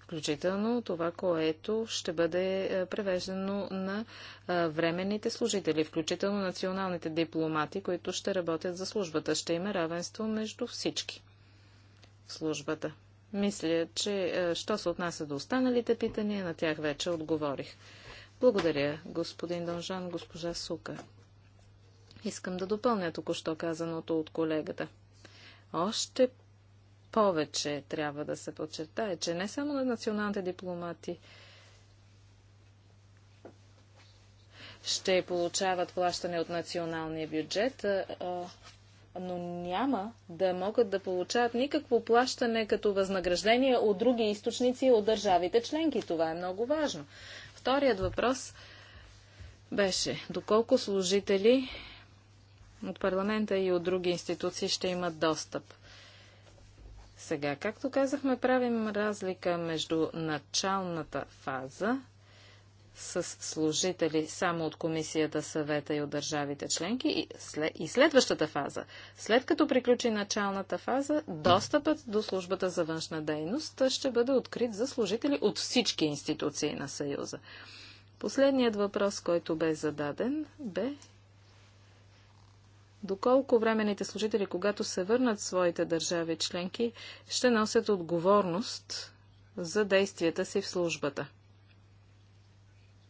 Speaker 2: включително това, което ще бъде е, превеждано на е, временните служители, включително националните дипломати, които ще работят за службата. Ще има равенство между всички службата. Мисля, че е, що се отнася до останалите питания, на тях вече отговорих. Благодаря, господин Донжан, госпожа Сука. Искам да допълня току-що казаното от колегата. Още повече трябва да се подчертае, че не само на националните дипломати ще получават плащане от националния бюджет, а но няма да могат да получават никакво плащане като възнаграждение от други източници от държавите членки. Това е много важно. Вторият въпрос беше доколко служители от парламента и от други институции ще имат достъп. Сега, както казахме, правим разлика между началната фаза с служители само от комисията, съвета и от държавите членки. И, следващата фаза, след като приключи началната фаза, достъпът до службата за външна дейност ще бъде открит за служители от всички институции на Съюза. Последният въпрос, който бе зададен, бе доколко времените служители, когато се върнат в своите държави членки, ще носят отговорност за действията си в службата.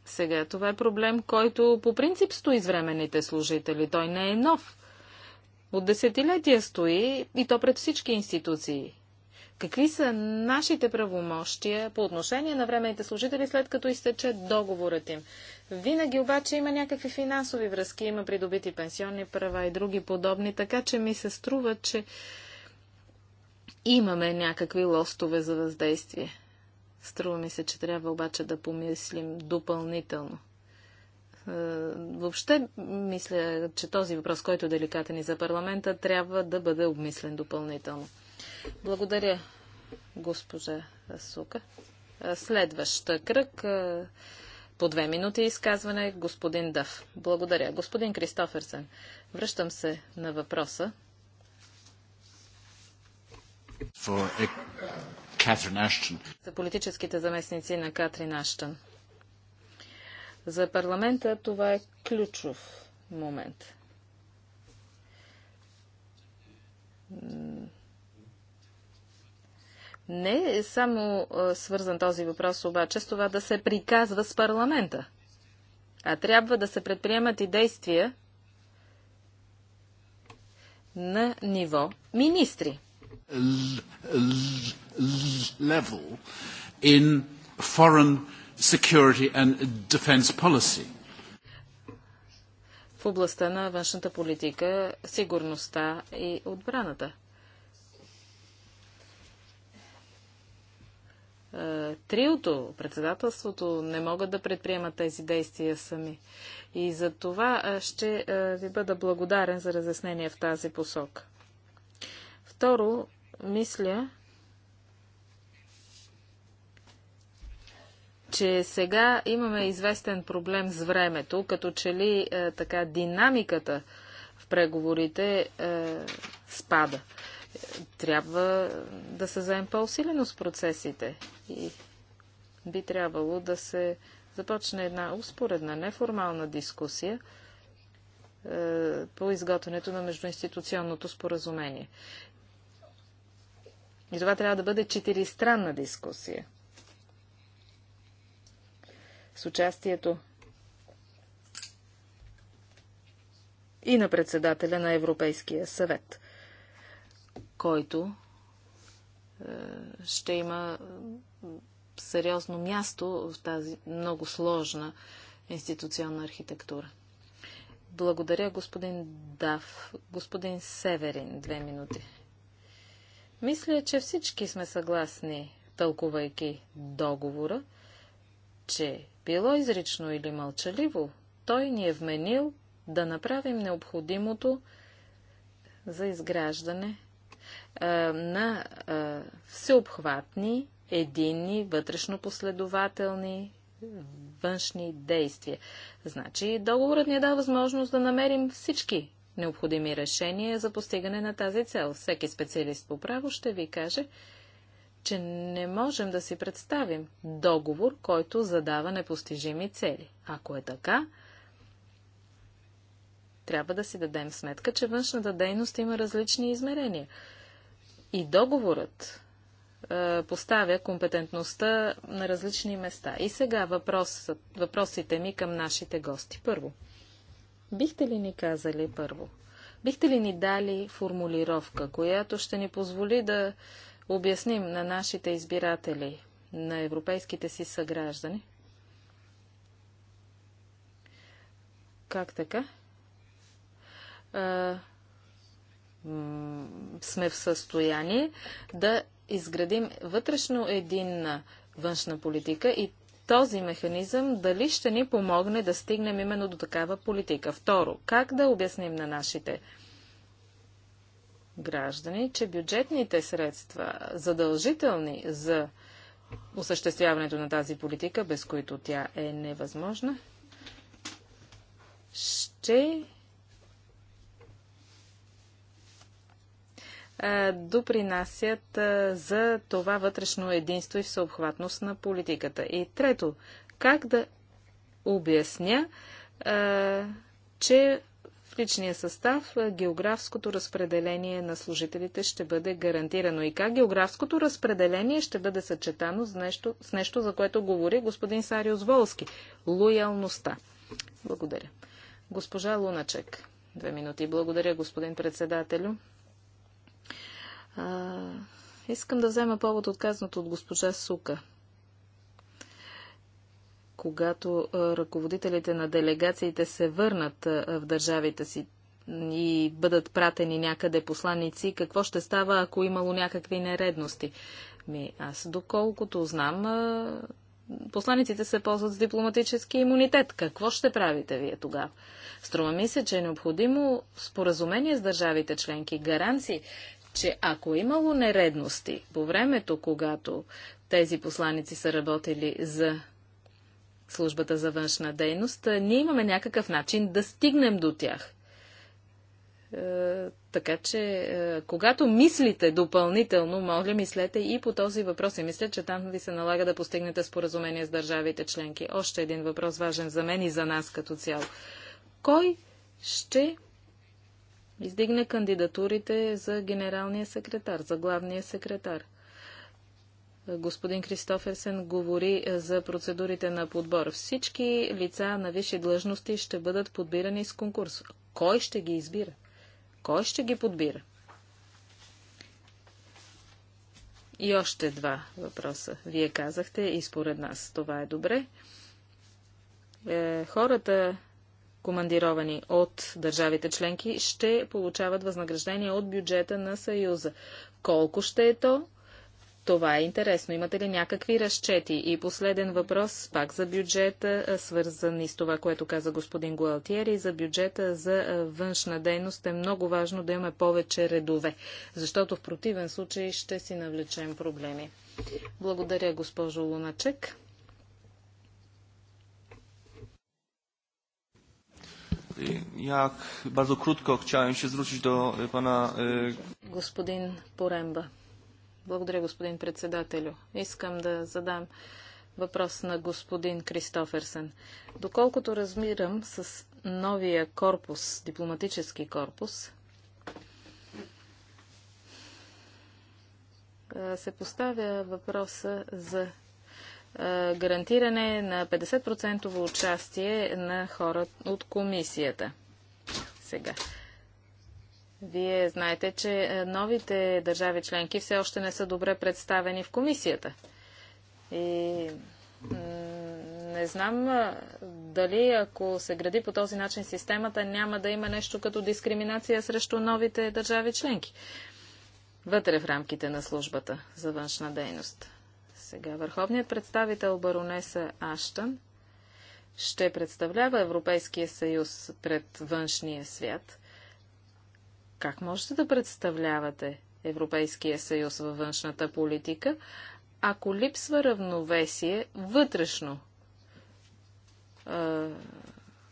Speaker 2: Сега това е проблем, който по принцип стои с временните служители. Той не е нов. От десетилетия стои и то пред всички институции. Какви са нашите правомощия по отношение на времените служители, след като изтече договорът им? Винаги обаче има някакви финансови връзки, има придобити пенсионни права и други подобни, така че ми се струва, че имаме някакви лостове за въздействие. Струва ми се, че трябва обаче да помислим допълнително. Е, въобще мисля, че този въпрос, който е деликатен и за парламента, трябва да бъде обмислен допълнително. Благодаря, госпожа Сука. Е, Следващ кръг е, по две минути изказване господин Дъв. Благодаря. Господин Кристоферсен, връщам се на въпроса. For за политическите заместници на Катрин Аштън. За парламента това е ключов момент. Не е само свързан този въпрос обаче с това да се приказва с парламента, а трябва да се предприемат и действия на ниво министри level in foreign security and defense policy. В областта на външната политика, сигурността и отбраната. Е, триото, председателството не могат да предприемат тези действия сами. И за това ще е, ви бъда благодарен за разяснение в тази посока. Второ, мисля, че сега имаме известен проблем с времето, като че ли е, така динамиката в преговорите е, спада. Трябва да се заем по-усилено с процесите и би трябвало да се започне една успоредна, неформална дискусия е, по изготвянето на междуинституционното споразумение. И това трябва да бъде четиристранна дискусия – с участието и на председателя на Европейския съвет, който е, ще има сериозно място в тази много сложна институционна архитектура. Благодаря, господин Дав. Господин Северин, две минути. Мисля, че всички сме съгласни, тълкувайки договора, че било изрично или мълчаливо, той ни е вменил да направим необходимото за изграждане а, на а, всеобхватни, единни, вътрешно последователни външни действия. Значи, договорът ни е дал възможност да намерим всички необходими решения за постигане на тази цел. Всеки специалист по право ще ви каже, че не можем да си представим договор, който задава непостижими цели. Ако е така, трябва да си дадем сметка, че външната дейност има различни измерения. И договорът е, поставя компетентността на различни места. И сега въпросът, въпросите ми към нашите гости. Първо, бихте ли ни казали първо? Бихте ли ни дали формулировка, която ще ни позволи да обясним на нашите избиратели, на европейските си съграждани, как така, а, сме в състояние да изградим вътрешно единна външна политика и този механизъм дали ще ни помогне да стигнем именно до такава политика. Второ, как да обясним на нашите граждани, че бюджетните средства, задължителни за осъществяването на тази политика, без които тя е невъзможна, ще допринасят за това вътрешно единство и всеобхватност на политиката. И трето, как да обясня, че личния състав, географското разпределение на служителите ще бъде гарантирано. И как географското разпределение ще бъде съчетано с нещо, с нещо за което говори господин Сариус Волски – лоялността. Благодаря. Госпожа Луначек. Две минути. Благодаря, господин председателю. А, искам да взема повод от от госпожа Сука когато ръководителите на делегациите се върнат в държавите си и бъдат пратени някъде посланици, какво ще става, ако имало някакви нередности? Ми, аз доколкото знам, посланиците се ползват с дипломатически имунитет. Какво ще правите вие тогава? Струва ми се, че е необходимо споразумение с държавите членки, гаранции, че ако имало нередности по времето, когато тези посланици са работили за службата за външна дейност, ние имаме някакъв начин да стигнем до тях. Е, така че, е, когато мислите допълнително, моля, мислете и по този въпрос. И мисля, че там ви се налага да постигнете споразумение с държавите членки. Още един въпрос, важен за мен и за нас като цяло. Кой ще издигне кандидатурите за генералния секретар, за главния секретар? господин Кристоферсен говори е, за процедурите на подбор. Всички лица на висши длъжности ще бъдат подбирани с конкурс. Кой ще ги избира? Кой ще ги подбира? И още два въпроса. Вие казахте и според нас това е добре. Е, хората, командировани от държавите членки, ще получават възнаграждение от бюджета на Съюза. Колко ще е то? Това е интересно. Имате ли някакви разчети? И последен въпрос, пак за бюджета, свързан и с това, което каза господин Гуалтиери, за бюджета за външна дейност е много важно да имаме повече редове, защото в противен случай ще си навлечем проблеми. Благодаря, госпожо Луначек. Jak bardzo krótko chciałem się zwrócić do pana. Господин Поремба. Благодаря, господин председателю. Искам да задам въпрос на господин Кристоферсен. Доколкото размирам с новия корпус, дипломатически корпус, се поставя въпроса за гарантиране на 50% участие на хора от комисията. Сега. Вие знаете, че е, новите държави членки все още не са добре представени в комисията. И не знам е, дали ако се гради по този начин системата, няма да има нещо като дискриминация срещу новите държави членки. Вътре в рамките на службата за външна дейност. Сега върховният представител баронеса Аштън ще представлява Европейския съюз пред външния свят – как можете да представлявате Европейския съюз във външната политика, ако липсва равновесие вътрешно е,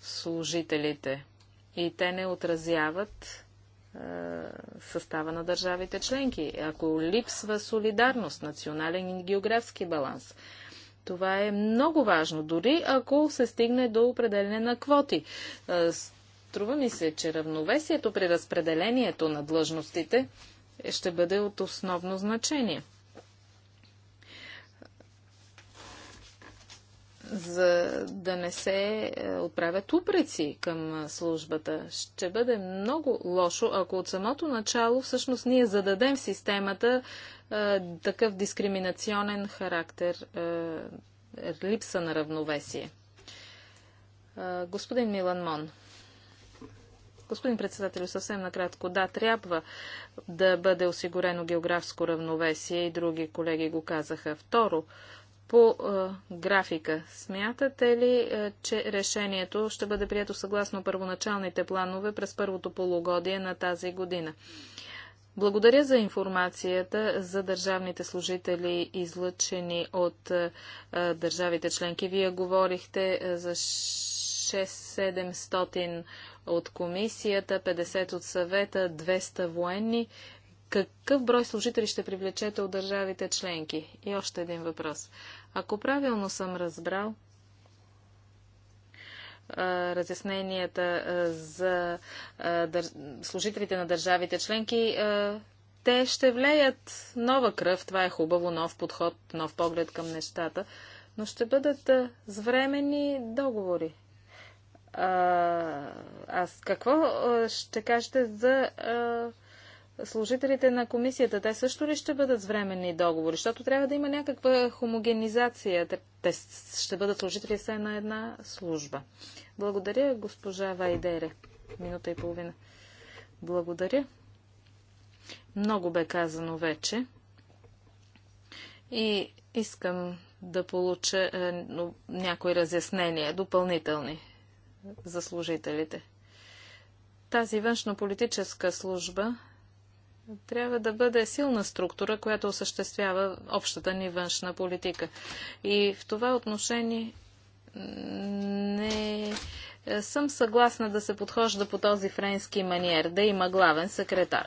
Speaker 2: служителите и те не отразяват е, състава на държавите членки, ако липсва солидарност, национален и географски баланс. Това е много важно, дори ако се стигне до определене на квоти. Е, Струва ми се, че равновесието при разпределението на длъжностите ще бъде от основно значение. за да не се е, отправят упреци към е, службата. Ще бъде много лошо, ако от самото начало всъщност ние зададем в системата е, такъв дискриминационен характер, е, липса на равновесие. Е, господин Милан Мон. Господин председател, съвсем накратко. Да, трябва да бъде осигурено географско равновесие и други колеги го казаха. Второ, по е, графика. Смятате ли, е, че решението ще бъде прието съгласно първоначалните планове през първото полугодие на тази година? Благодаря за информацията за държавните служители, излъчени от е, е държавите членки. Вие говорихте е, за 6-700 от комисията, 50 от съвета, 200 военни. Какъв брой служители ще привлечете от държавите членки? И още един въпрос. Ако правилно съм разбрал, разясненията за служителите на държавите членки, те ще влеят нова кръв. Това е хубаво, нов подход, нов поглед към нещата, но ще бъдат с времени договори аз какво ще кажете за служителите на комисията, те също ли ще бъдат с временни договори? Защото трябва да има някаква хомогенизация. Те ще бъдат служители все на една служба. Благодаря, госпожа Вайдере. Минута и половина. Благодаря. Много бе казано вече. И искам да получа е, някои разяснения, допълнителни за служителите. Тази външнополитическа служба трябва да бъде силна структура, която осъществява общата ни външна политика. И в това отношение не съм съгласна да се подхожда по този френски маниер, да има главен секретар.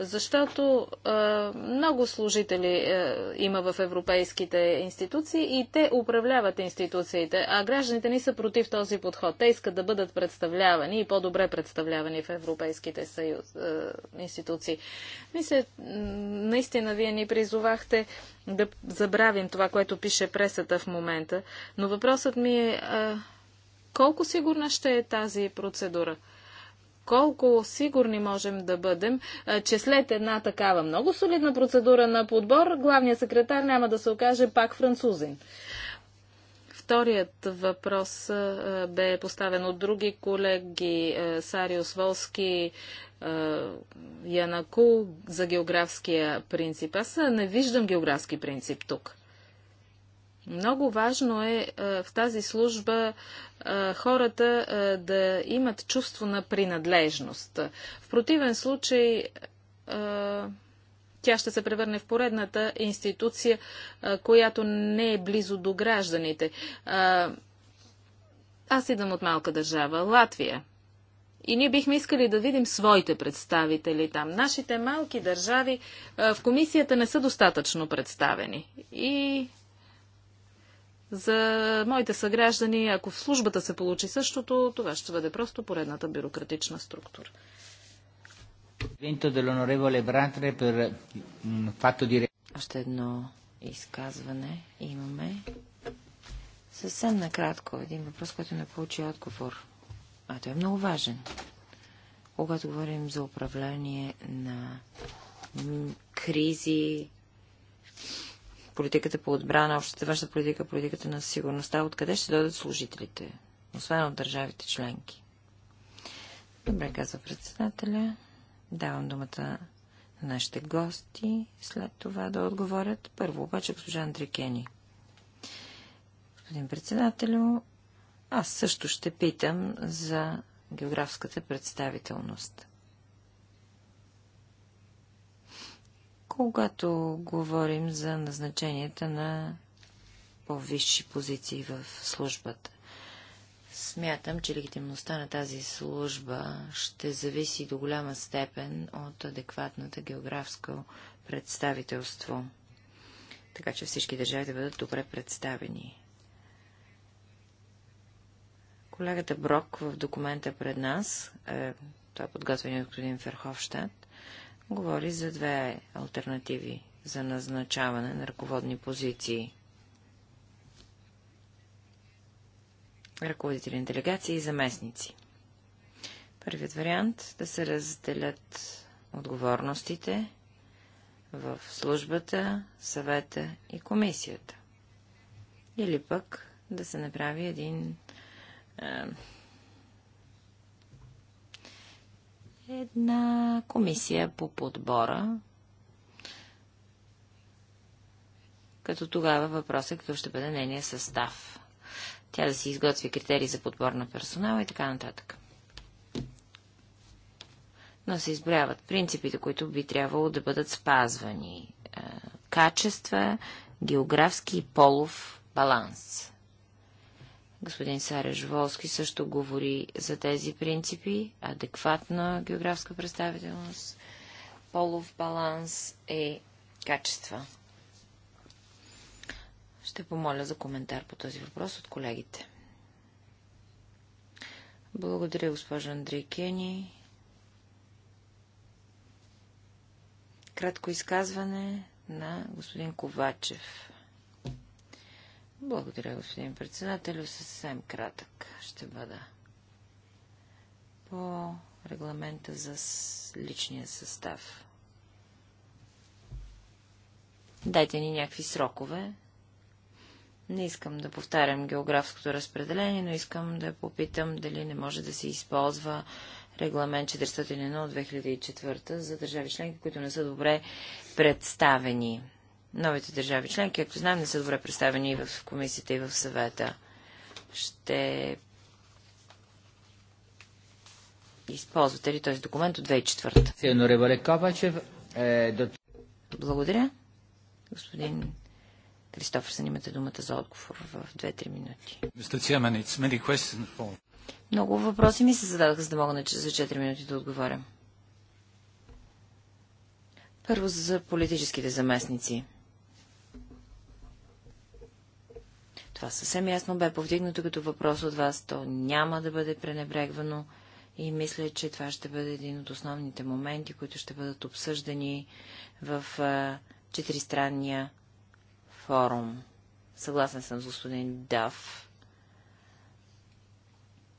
Speaker 2: Защото е, много служители е, има в европейските институции и те управляват институциите, а гражданите ни са против този подход. Те искат да бъдат представлявани и по-добре представлявани в европейските съюз, е, институции. Мисля, наистина вие ни призовахте да забравим това, което пише пресата в момента, но въпросът ми е колко сигурна ще е тази процедура? колко сигурни можем да бъдем, че след една такава много солидна процедура на подбор, главният секретар няма да се окаже пак французин. Вторият въпрос бе поставен от други колеги, Сариус Волски, Янаку за географския принцип. Аз не виждам географски принцип тук. Много важно е, е в тази служба е, хората е, да имат чувство на принадлежност. В противен случай тя ще се превърне в поредната институция, която не е близо до гражданите. Аз идвам от малка държава, Латвия. И ние бихме искали да видим своите представители там. Нашите малки държави в комисията не са достатъчно представени. И за моите съграждани, ако в службата се получи същото, това ще бъде просто поредната бюрократична структура.
Speaker 3: Още едно изказване имаме. Съвсем накратко, един въпрос, който не получи отговор. А той е много важен. Когато говорим за управление на кризи, политиката по отбрана, общата външна политика, политиката на сигурността, откъде ще дойдат служителите, освен от държавите членки. Добре, казва председателя. Давам думата на нашите гости след това да отговорят. Първо обаче госпожа Андрикени. Господин председателю, аз също ще питам за географската представителност. когато говорим за назначенията на по-висши позиции в службата. Смятам, че легитимността на тази служба ще зависи до голяма степен от адекватната географско представителство, така че всички държави да бъдат добре представени. Колегата Брок в документа пред нас, е, е подготвен от господин Ферховщад, говори за две альтернативи за назначаване на ръководни позиции. Ръководители на делегации и заместници. Първият вариант да се разделят отговорностите в службата, съвета и комисията. Или пък да се направи един е, една комисия по подбора, като тогава въпросът е какъв ще бъде нейния състав. Тя да си изготви критерии за подбор на персонала и така нататък. Но се изброяват принципите, които би трябвало да бъдат спазвани. Е, качества, географски и полов баланс. Господин Сареш Волски също говори за тези принципи. Адекватна географска представителност, полов баланс и е качества. Ще помоля за коментар по този въпрос от колегите. Благодаря, госпожа Андрей Кени. Кратко изказване на господин Ковачев. Благодаря, господин председател, Съвсем кратък ще бъда. По регламента за личния състав. Дайте ни някакви срокове. Не искам да повтарям географското разпределение, но искам да попитам дали не може да се използва регламент 401 от 2004 за държави членки, които не са добре представени Новите държави членки, както знаем, не са добре представени и в комисията, и в съвета. Ще използвате ли този документ от 2004? Е, Благодаря. Господин са имате думата за отговор в 2-3 минути. Много въпроси ми се зададаха, за да мога за 4 минути да отговоря. Първо за политическите заместници. Това съвсем ясно бе повдигнато като въпрос от вас. То няма да бъде пренебрегвано и мисля, че това ще бъде един от основните моменти, които ще бъдат обсъждани в четиристранния форум. Съгласен съм с господин Дав.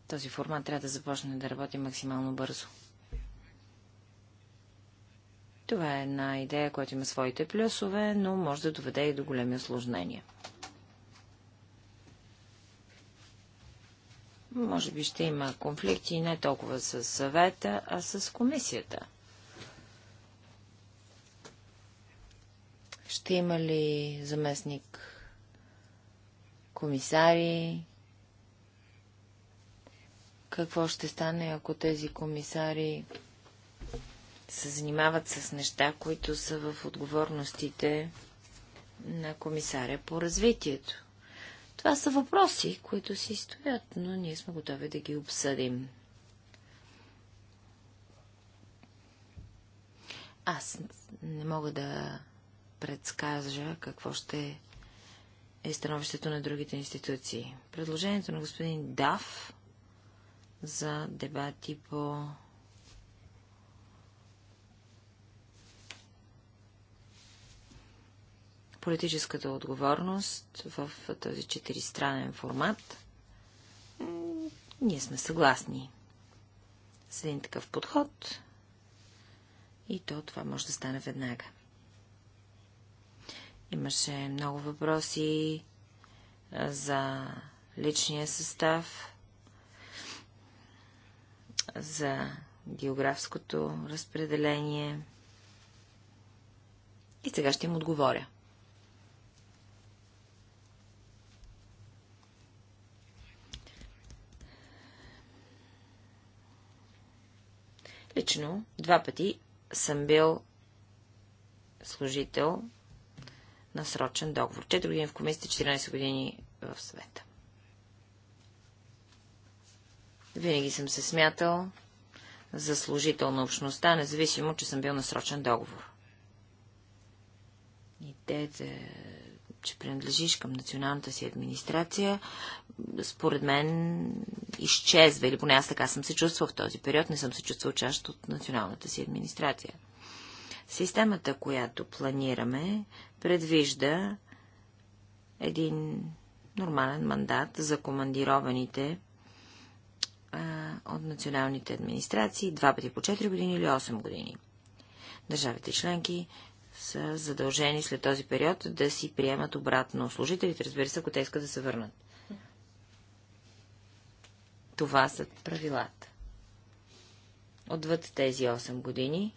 Speaker 3: Този формат трябва да започне да работи максимално бързо. Това е една идея, която има своите плюсове, но може да доведе и до големи осложнения. Може би ще има конфликти не толкова с съвета, а с комисията. Ще има ли заместник комисари? Какво ще стане, ако тези комисари се занимават с неща, които са в отговорностите на комисаря по развитието? Това са въпроси, които си стоят, но ние сме готови да ги обсъдим. Аз не мога да предскажа какво ще е становището на другите институции. Предложението на господин Дав за дебати по политическата отговорност в този четиристранен формат, ние сме съгласни с един такъв подход и то това може да стане веднага. Имаше много въпроси за личния състав, за географското разпределение. И сега ще им отговоря. Лично два пъти съм бил служител на срочен договор. Четири години в комисията, 14 години в света. Винаги съм се смятал за служител на общността, независимо, че съм бил на срочен договор. те, че принадлежиш към националната си администрация, според мен, изчезва, или поне аз така съм се чувствал в този период, не съм се чувствал част от националната си администрация. Системата, която планираме, предвижда един нормален мандат за командированите а, от националните администрации два пъти по 4 години или 8 години. Държавите членки са задължени след този период да си приемат обратно служителите, разбира се, ако те искат да се върнат. Това са правилата. Отвъд тези 8 години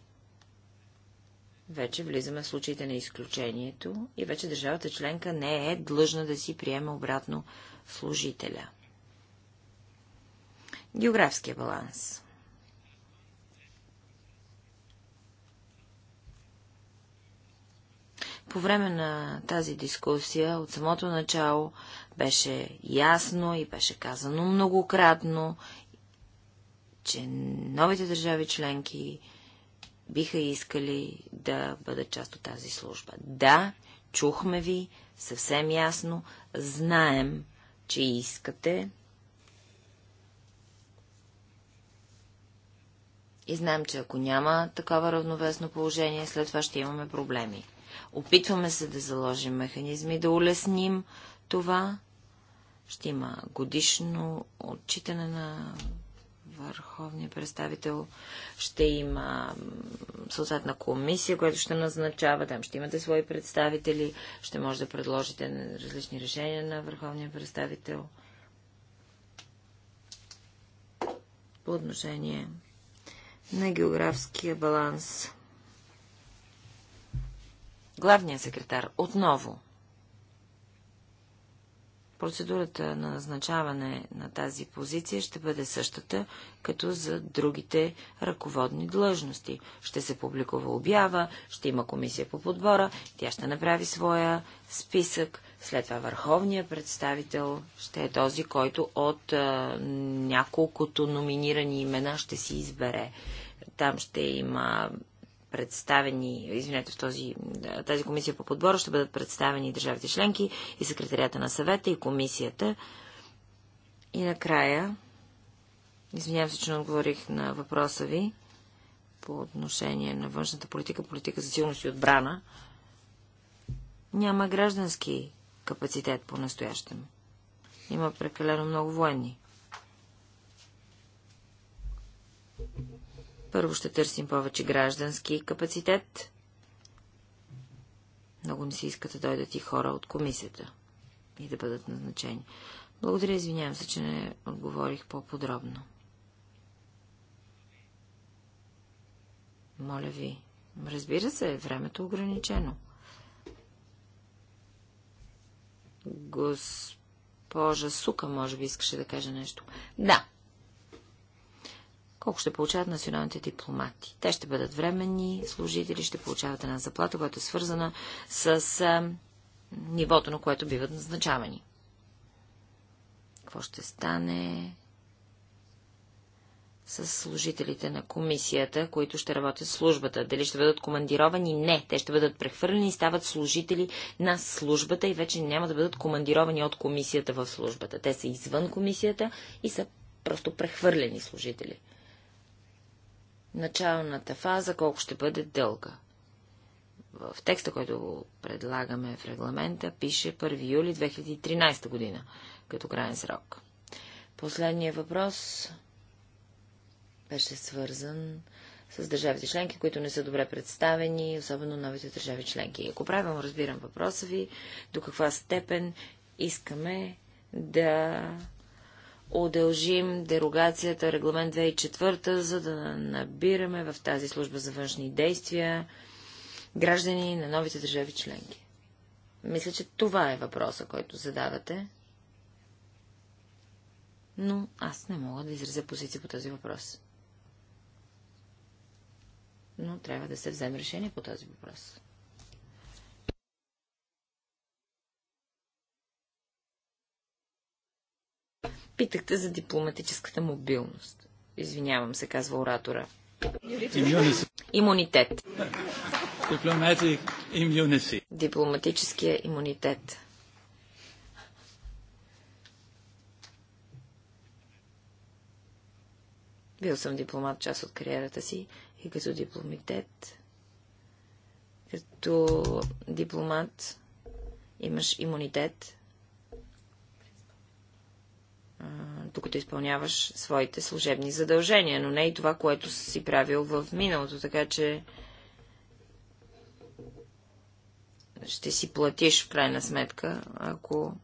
Speaker 3: вече влизаме в случаите на изключението и вече държавата членка не е длъжна да си приеме обратно служителя. Географския баланс. По време на тази дискусия от самото начало беше ясно и беше казано многократно, че новите държави членки биха искали да бъдат част от тази служба. Да, чухме ви съвсем ясно, знаем, че искате И знаем, че ако няма такова равновесно положение, след това ще имаме проблеми. Опитваме се да заложим механизми, да улесним това ще има годишно отчитане на върховния представител, ще има съответна комисия, която ще назначава, там ще имате свои представители, ще може да предложите различни решения на върховния представител. По отношение на географския баланс. Главният секретар отново Процедурата на назначаване на тази позиция ще бъде същата, като за другите ръководни длъжности. Ще се публикува обява, ще има комисия по подбора, тя ще направи своя списък, след това върховният представител ще е този, който от а, няколкото номинирани имена ще си избере. Там ще има представени, извинете, в този, тази комисия по подбора ще бъдат представени и държавите членки, и секретарията на съвета, и комисията. И накрая, извинявам се, че не отговорих на въпроса ви по отношение на външната политика, политика за сигурност и отбрана. Няма граждански капацитет по-настоящем. Има прекалено много военни. Първо ще търсим повече граждански капацитет. Много не се иска да дойдат и хора от комисията и да бъдат назначени. Благодаря, извинявам се, че не отговорих по-подробно. Моля ви. Разбира се, времето е ограничено. Госпожа Сука, може би, искаше да каже нещо. Да. Колко ще получават националните дипломати? Те ще бъдат временни служители, ще получават една заплата, която е свързана с а, нивото, на което биват назначавани. Какво ще стане с служителите на комисията, които ще работят в службата? Дали ще бъдат командировани? Не. Те ще бъдат прехвърлени и стават служители на службата и вече няма да бъдат командировани от комисията в службата. Те са извън комисията и са просто прехвърлени служители началната фаза, колко ще бъде дълга. В текста, който предлагаме в регламента, пише 1 юли 2013 година, като крайен срок. Последният въпрос беше свързан с държавите членки, които не са добре представени, особено новите държави членки. Ако правилно разбирам въпроса ви, до каква степен искаме да удължим дерогацията регламент 2004, за да набираме в тази служба за външни действия граждани на новите държави членки. Мисля, че това е въпроса, който задавате. Но аз не мога да изразя позиция по този въпрос. Но трябва да се вземе решение по този въпрос. Питахте за дипломатическата мобилност. Извинявам се, казва оратора. Имунитет. Дипломатическия имунитет. Бил съм дипломат част от кариерата си и като дипломитет, като дипломат имаш имунитет докато изпълняваш своите служебни задължения, но не и това, което си правил в миналото, така че ще си платиш в крайна сметка, ако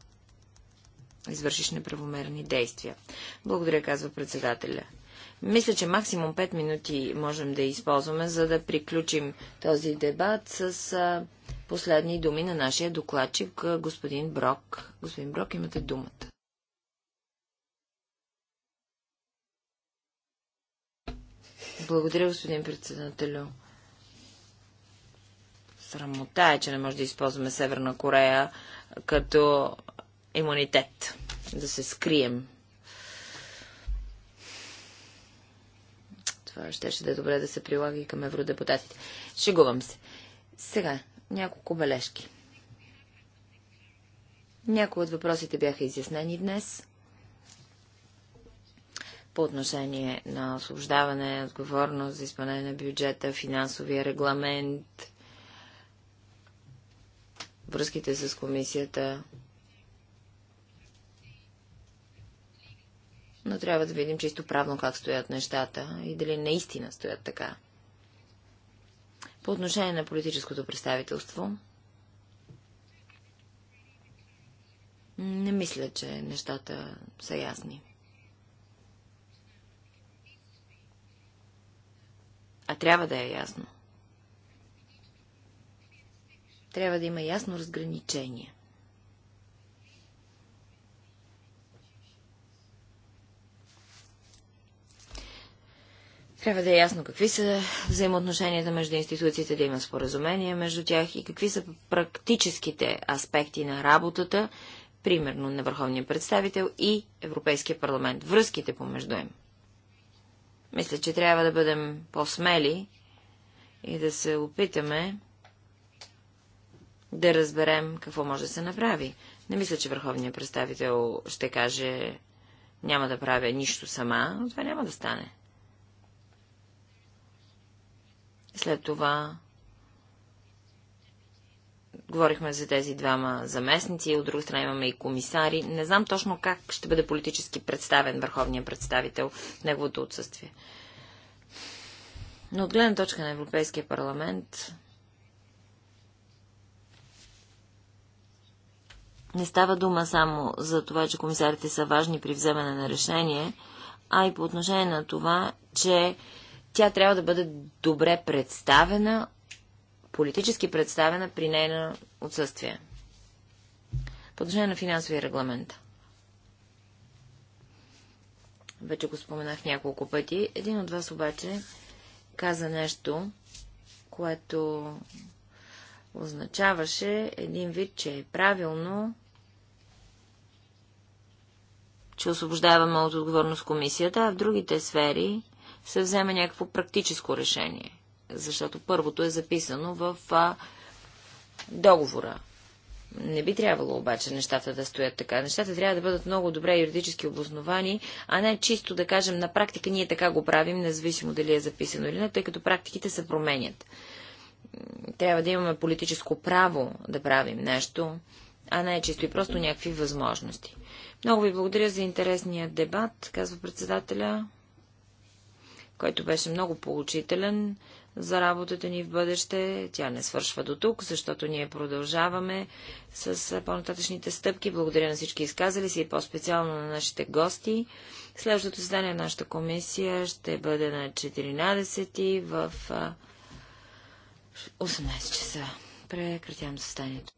Speaker 3: извършиш неправомерни действия. Благодаря, казва председателя. Мисля, че максимум 5 минути можем да използваме, за да приключим този дебат с последни думи на нашия докладчик, господин Брок. Господин Брок, имате думата. Благодаря, господин председателю. Срамота е, че не може да използваме Северна Корея като имунитет. Да се скрием. Това ще, ще да е добре да се прилага и към евродепутатите. Шегувам се. Сега, няколко бележки. Някои от въпросите бяха изяснени днес по отношение на освобождаване, отговорност за изпълнение на бюджета, финансовия регламент, връзките с комисията. Но трябва да видим чисто правно как стоят нещата и дали наистина стоят така. По отношение на политическото представителство, не мисля, че нещата са ясни. А трябва да е ясно. Трябва да има ясно разграничение. Трябва да е ясно какви са взаимоотношенията между институциите, да има споразумение между тях и какви са практическите аспекти на работата, примерно на Върховния представител и Европейския парламент, връзките помежду им. Мисля, че трябва да бъдем по-смели и да се опитаме да разберем какво може да се направи. Не мисля, че върховният представител ще каже няма да правя нищо сама, но това няма да стане. След това Говорихме за тези двама заместници, от друга страна имаме и комисари. Не знам точно как ще бъде политически представен върховният представител в неговото отсъствие. Но от гледна точка на Европейския парламент не става дума само за това, че комисарите са важни при вземане на решение, а и по отношение на това, че тя трябва да бъде добре представена политически представена при нейно отсъствие. Подължение на финансовия регламент. Вече го споменах няколко пъти. Един от вас обаче каза нещо, което означаваше един вид, че е правилно, че освобождаваме от отговорност комисията, а в другите сфери се взема някакво практическо решение защото първото е записано в а, договора. Не би трябвало обаче нещата да стоят така. Нещата трябва да бъдат много добре юридически обосновани, а не чисто да кажем на практика ние така го правим, независимо дали е записано или не, тъй като практиките се променят. Трябва да имаме политическо право да правим нещо, а не чисто и просто някакви възможности. Много ви благодаря за интересния дебат, казва председателя, който беше много получителен за работата ни в бъдеще. Тя не свършва до тук, защото ние продължаваме с по-нататъчните стъпки. Благодаря на всички изказали си и по-специално на нашите гости. Следващото създание на нашата комисия ще бъде на 14 в 18 часа. Прекратявам състанието.